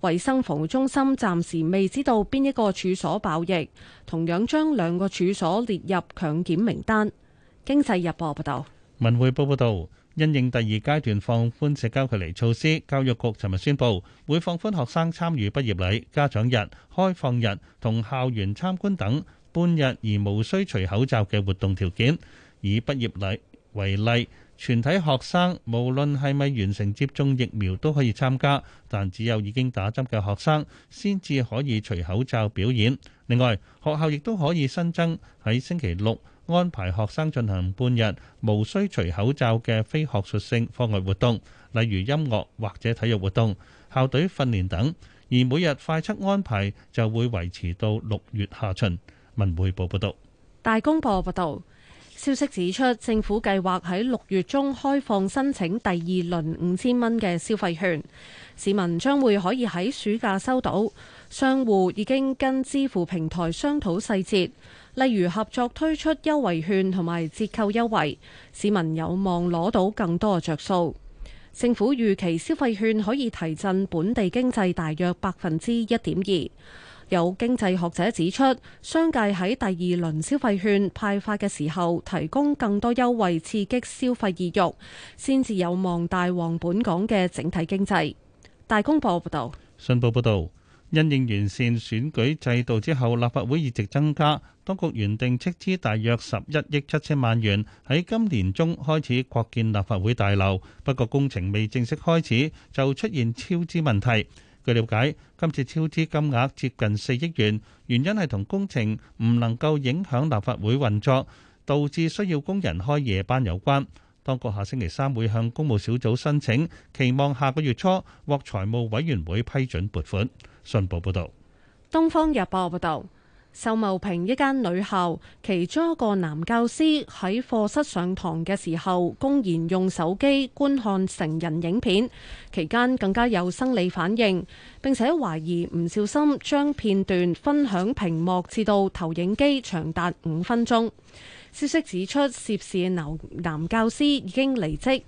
衛生防護中心暫時未知道邊一個處所爆疫，同樣將兩個處所列入強檢名單。經濟日報報道。文匯報報道，因應第二階段放寬社交距離措施，教育局尋日宣布，會放寬學生參與畢業禮、家長日、開放日同校園參觀等半日而無需除口罩嘅活動條件。以畢業禮為例，全體學生無論係咪完成接種疫苗都可以參加，但只有已經打針嘅學生先至可以除口罩表演。另外，學校亦都可以新增喺星期六。安排學生進行半日無需除口罩嘅非學術性課外活動，例如音樂或者體育活動、校隊訓練等。而每日快測安排就會維持到六月下旬。文匯報報道。大公報報道，消息指出，政府計劃喺六月中開放申請第二輪五千蚊嘅消費券，市民將會可以喺暑假收到。商戶已經跟支付平台商討細節。例如合作推出優惠券同埋折扣優惠，市民有望攞到更多嘅着數。政府預期消費券可以提振本地經濟大約百分之一點二。有經濟學者指出，商界喺第二輪消費券派發嘅時候提供更多優惠，刺激消費意欲，先至有望帶旺本港嘅整體經濟。大公報報道。信報報道。因應完善選舉制度之後，立法會議席增加，當局原定斥資大約十一億七千萬元喺今年中開始擴建立法會大樓，不過工程未正式開始就出現超支問題。據了解，今次超支金額接近四億元，原因係同工程唔能夠影響立法會運作，導致需要工人開夜班有關。當局下星期三會向工務小組申請，期望下個月初獲財務委員會批准撥款。信報報道。東方日報報道，秀茂坪一間女校，其中一個男教師喺課室上堂嘅時候，公然用手機觀看成人影片，期間更加有生理反應，並且懷疑唔小心將片段分享屏幕至到投影機，長達五分鐘。消息指出，涉事男教師已經離職，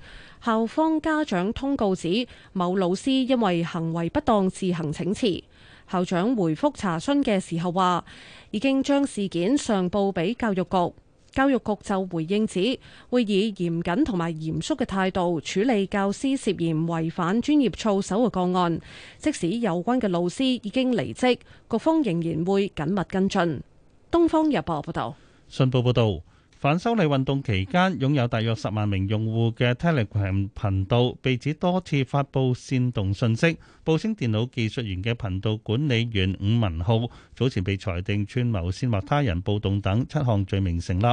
校方家長通告指，某老師因為行為不當自行請辭，校長回覆查詢嘅時候話已經將事件上報俾教育局。教育局就回應指，會以嚴謹同埋嚴肅嘅態度處理教師涉嫌違反專業操守嘅個案。即使有關嘅老師已經離職，局方仍然會緊密跟進。東方日報報道。信報報導。反修例運動期間，擁有大約十萬名用戶嘅 Telegram 頻道被指多次發布煽動信息。報稱電腦技術員嘅頻道管理員伍文浩早前被裁定串謀煽惑他人暴動等七項罪名成立，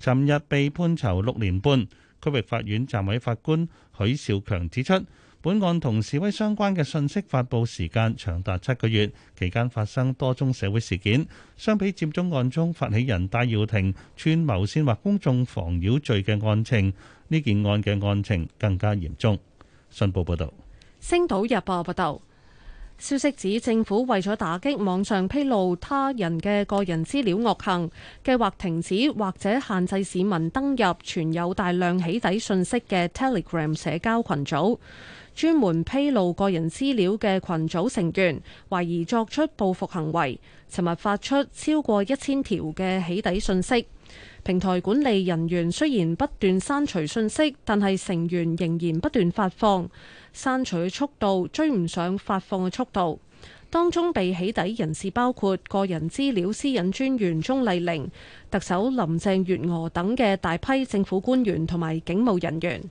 尋日被判囚六年半。區域法院暫委法官許少強指出。本案同示威相關嘅信息發布時間長達七個月，期間發生多宗社會事件。相比佔中案中發起人戴耀廷串謀煽惑公眾妨擾罪嘅案情，呢件案嘅案情更加嚴重。信報報道。《星島日報》報道，消息指政府為咗打擊網上披露他人嘅個人資料惡行，計劃停止或者限制市民登入存有大量起底信息嘅 Telegram 社交群組。專門披露個人資料嘅群組成員，懷疑作出報復行為。尋日發出超過一千條嘅起底信息。平台管理人員雖然不斷刪除信息，但係成員仍然不斷發放，刪除速度追唔上發放嘅速度。當中被起底人士包括個人資料私隱專員鍾麗玲、特首林鄭月娥等嘅大批政府官員同埋警務人員。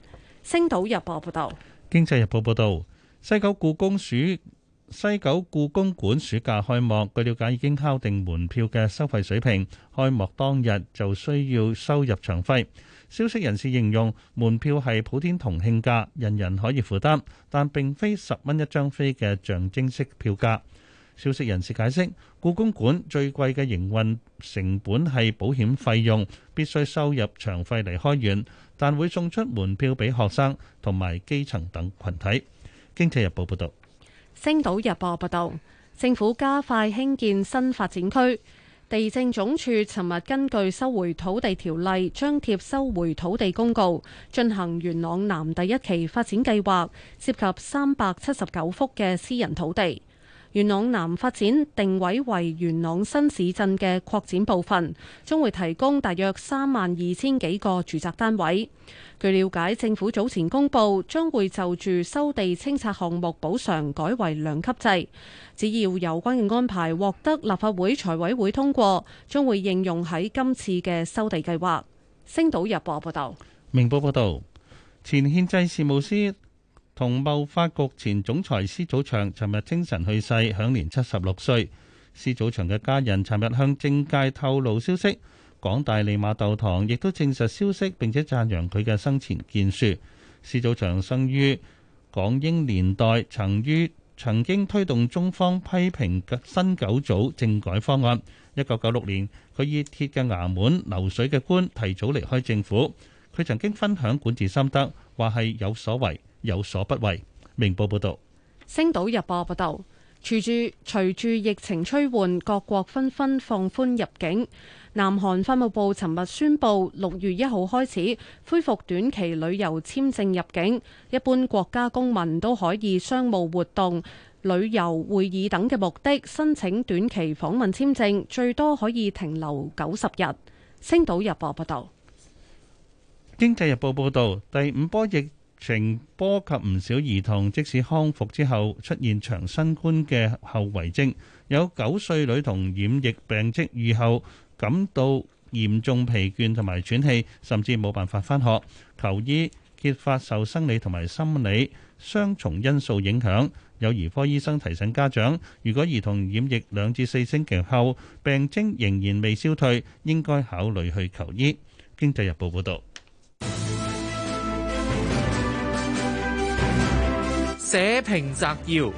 星島日報報道。經濟日報報道，西九故宮暑西九故宮館暑假開幕，據了解已經敲定門票嘅收費水平，開幕當日就需要收入場費。消息人士形容門票係普天同慶價，人人可以負擔，但並非十蚊一張飛嘅象徵式票價。消息人士解釋，故宮館最貴嘅營運成本係保險費用，必須收入場費嚟開源。但會送出門票俾學生同埋基層等群體。《經濟日報》報道，《星島日報》報道，政府加快興建新發展區。地政總署尋日根據收回土地條例，張貼收回土地公告，進行元朗南第一期發展計劃，涉及三百七十九幅嘅私人土地。元朗南發展定位為元朗新市鎮嘅擴展部分，將會提供大約三萬二千幾個住宅單位。據了解，政府早前公布將會就住收地清拆項目補償改為兩級制，只要有關嘅安排獲得立法會財委會通過，將會應用喺今次嘅收地計劃。星島日報報道：「明報報道，前憲制事務司，」同貿發局前總裁施祖祥，尋日清晨去世，享年七十六歲。施祖祥嘅家人尋日向政界透露消息，港大利瑪竇堂亦都證實消息，並且讚揚佢嘅生前建樹。施祖祥生於港英年代，曾於曾經推動中方批評嘅新九組政改方案。一九九六年，佢以鐵嘅衙門、流水嘅官提早離開政府。佢曾經分享管治心得，話係有所為，有所不為。明報報導，《星島日報》報導，住住隨住疫情趨緩，各國紛紛放寬入境。南韓法務部尋日宣布，六月一號開始恢復短期旅遊簽證入境，一般國家公民都可以商務活動、旅遊、會議等嘅目的申請短期訪問簽證，最多可以停留九十日。《星島日報》報導，《經濟日報》報導，第五波疫情波及唔少兒童，即使康復之後出現長新冠嘅後遺症，有九歲女童染疫病跡，愈後感到嚴重疲倦同埋喘氣，甚至冇辦法返學，求醫揭發受生理同埋心理雙重因素影響，有兒科醫生提醒家長，如果兒童染疫兩至四星期後病徵仍然未消退，應該考慮去求醫。經濟日報報導。寫平摘要，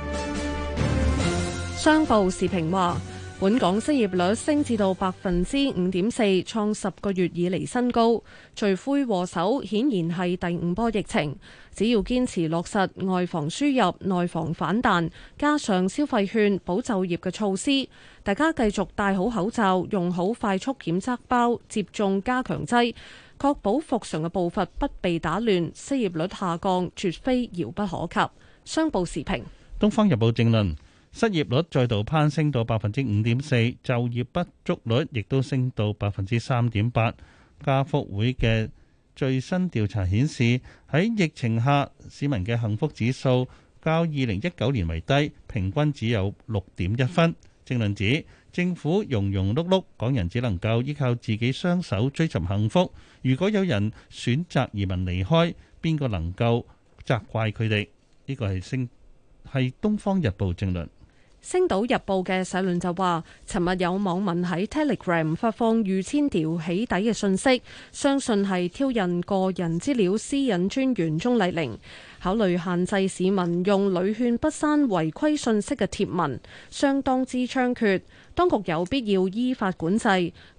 商報時評話：本港失業率升至到百分之五點四，創十個月以嚟新高。罪魁禍首顯然係第五波疫情。只要堅持落實外防輸入、內防反彈，加上消費券保就業嘅措施，大家繼續戴好口罩、用好快速檢測包、接種加強劑，確保復常嘅步伐不被打亂，失業率下降絕非遙不可及。商報時評，《東方日報》政論：失業率再度攀升到百分之五點四，就業不足率亦都升到百分之三點八。家福會嘅最新調查顯示，喺疫情下，市民嘅幸福指數較二零一九年為低，平均只有六點一分。政論指政府庸庸碌碌，港人只能夠依靠自己雙手追尋幸福。如果有人選擇移民離開，邊個能夠責怪佢哋？呢個係星係《東方日報》政論，《星島日報》嘅社論就話：尋日有網民喺 Telegram 發放逾千條起底嘅信息，相信係挑釁個人資料私隱專員鍾麗玲，考慮限制市民用屢勸不刪違規信息嘅貼文，相當之猖獗。當局有必要依法管制，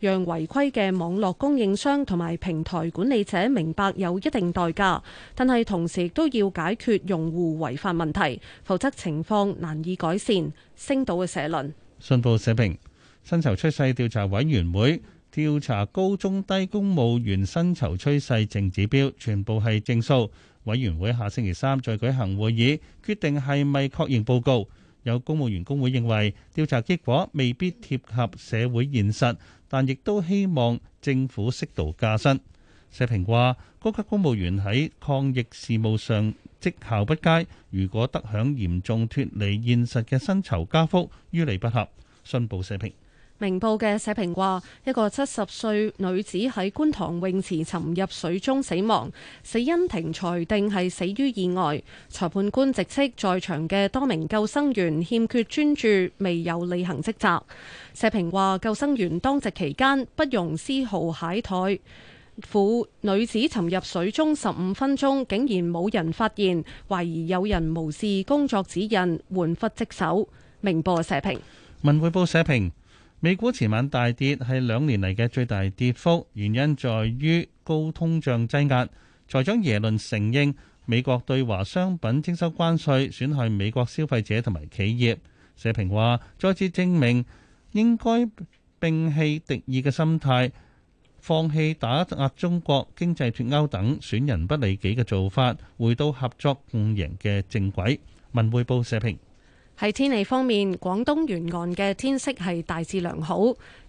讓違規嘅網絡供應商同埋平台管理者明白有一定代價，但係同時都要解決用戶違法問題，否則情況難以改善。星島嘅社論。信報社評：薪酬趨勢調查委員會調查高中低公務員薪酬趨勢正指標，全部係正數。委員會下星期三再舉行會議，決定係咪確認報告。有公務員工會認為調查結果未必貼合社會現實，但亦都希望政府適度加薪。社評話：高級公務員喺抗疫事務上績效不佳，如果得享嚴重脫離現實嘅薪酬加幅，於理不合。信報社評。明報嘅社評話，一個七十歲女子喺觀塘泳池沉入水中死亡，死因庭裁定係死於意外。裁判官直斥在場嘅多名救生員欠缺專注，未有履行職責。社評話，救生員當值期間不容絲毫懈怠。婦女子沉入水中十五分鐘，竟然冇人發現，懷疑有人無視工作指引，玩忽職守。明報社評，文匯報社評。美股前晚大跌，係兩年嚟嘅最大跌幅，原因在於高通脹擠壓，財長耶倫承認美國對華商品徵收關稅損害美國消費者同埋企業。社評話，再次證明應該摒棄敵意嘅心態，放棄打壓中國經濟脫歐等損人不利己嘅做法，回到合作共贏嘅正軌，文匯報社評。喺天氣方面，廣東沿岸嘅天色係大致良好。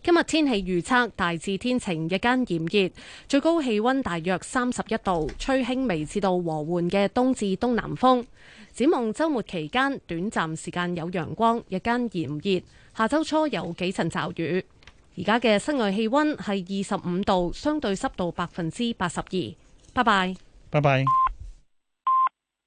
今日天氣預測大致天晴，日間炎熱，最高氣溫大約三十一度，吹輕微至到和緩嘅東至東南風。展望週末期間，短暫時間有陽光，日間炎熱。下週初有幾陣驟雨。而家嘅室外氣溫係二十五度，相對濕度百分之八十二。拜拜。拜拜。